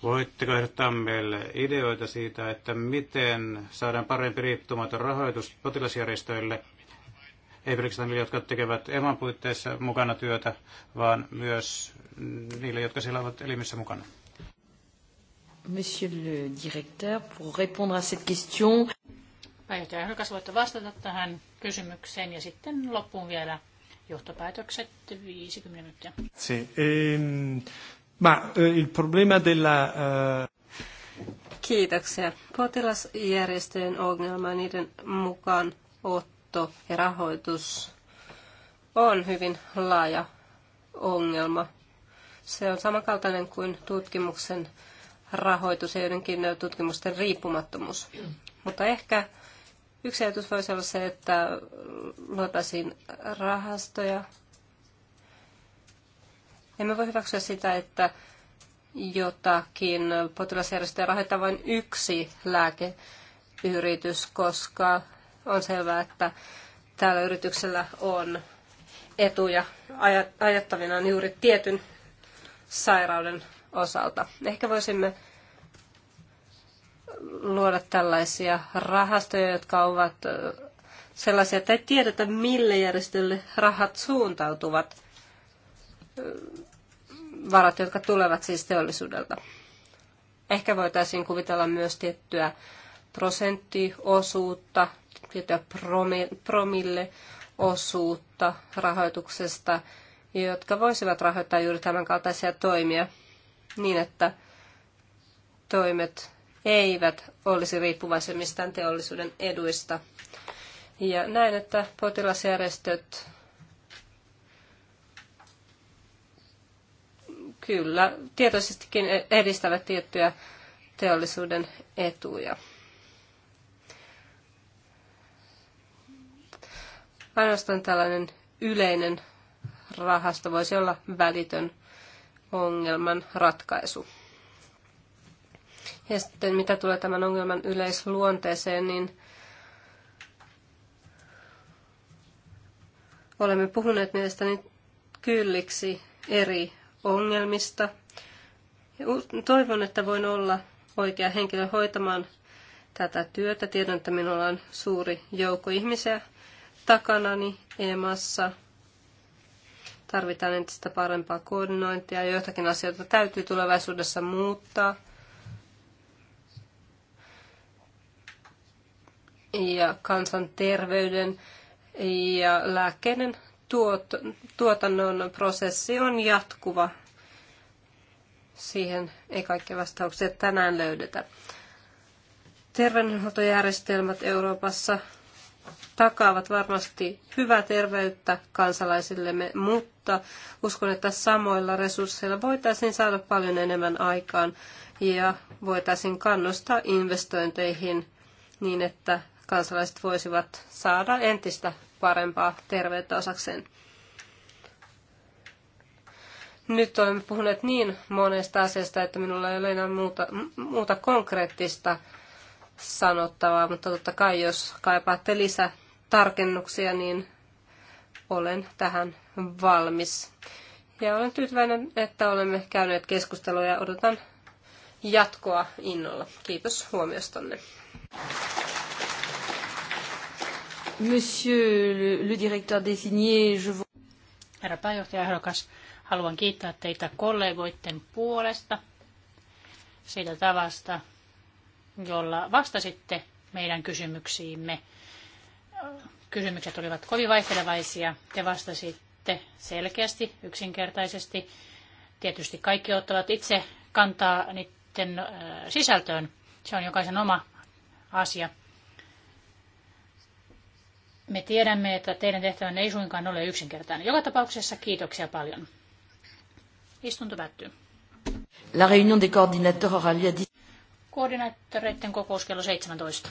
Voitteko ehdottaa meille ideoita siitä, että miten saadaan parempi riippumaton rahoitus potilasjärjestöille, ei pelkästään niille, jotka tekevät eman puitteissa mukana työtä, vaan myös niille, jotka siellä ovat elimissä mukana?
Monsieur le directeur, pour répondre à cette question. Pääjohtaja Ehdokas, voitte vastata tähän kysymykseen ja sitten loppuun vielä johtopäätökset 50 minuuttia.
Si, ehm, Ma eh, il problema della... Eh,
Kiitoksia. Potilasjärjestöjen ongelma, niiden mukaan otto ja rahoitus on hyvin laaja ongelma. Se on samankaltainen kuin tutkimuksen rahoitus ja joidenkin eh, tutkimusten riippumattomuus. Mutta ehkä yksi ajatus voisi olla se, että luotaisiin rahastoja, emme voi hyväksyä sitä, että jotakin potilasjärjestöjä rahoittaa vain yksi lääkeyritys, koska on selvää, että tällä yrityksellä on etuja ajattavinaan juuri tietyn sairauden osalta. Ehkä voisimme luoda tällaisia rahastoja, jotka ovat sellaisia, että ei tiedetä, mille järjestölle rahat suuntautuvat varat, jotka tulevat siis teollisuudelta. Ehkä voitaisiin kuvitella myös tiettyä prosenttiosuutta, tiettyä promilleosuutta rahoituksesta, jotka voisivat rahoittaa juuri tämän kaltaisia toimia niin, että toimet eivät olisi riippuvaisia mistään teollisuuden eduista. Ja näin, että potilasjärjestöt kyllä tietoisestikin edistävät tiettyjä teollisuuden etuja. Ainoastaan tällainen yleinen rahasto voisi olla välitön ongelman ratkaisu. Ja sitten mitä tulee tämän ongelman yleisluonteeseen, niin olemme puhuneet mielestäni kylliksi eri ongelmista. Toivon, että voin olla oikea henkilö hoitamaan tätä työtä. Tiedän, että minulla on suuri joukko ihmisiä takanani EMassa. Tarvitaan entistä parempaa koordinointia. Joitakin asioita täytyy tulevaisuudessa muuttaa. Ja kansanterveyden ja lääkkeiden tuot, tuotannon prosessi on jatkuva. Siihen ei kaikkia vastauksia tänään löydetä. Terveydenhuoltojärjestelmät Euroopassa takaavat varmasti hyvää terveyttä kansalaisillemme, mutta uskon, että samoilla resursseilla voitaisiin saada paljon enemmän aikaan ja voitaisiin kannustaa investointeihin niin, että kansalaiset voisivat saada entistä parempaa terveyttä osakseen. Nyt olemme puhuneet niin monesta asiasta, että minulla ei ole enää muuta, muuta konkreettista sanottavaa, mutta totta kai jos kaipaatte lisää tarkennuksia, niin olen tähän valmis. Ja olen tyytyväinen, että olemme käyneet keskustelua ja odotan jatkoa innolla. Kiitos huomiostanne.
Monsieur le, le directeur désigné, je vous... Herra pääjohtajaehdokas, haluan kiittää teitä kollegoiden puolesta siitä tavasta, jolla vastasitte meidän kysymyksiimme. Kysymykset olivat kovin vaihtelevaisia. Te vastasitte selkeästi, yksinkertaisesti. Tietysti kaikki ottavat itse kantaa niiden sisältöön. Se on jokaisen oma asia. Me tiedämme, että teidän tehtävänne ei suinkaan ole yksinkertainen. Joka tapauksessa kiitoksia paljon. Istunto päättyy.
La réunion des coordinateurs aura lieu
koordinaattoreiden kokous kello 17.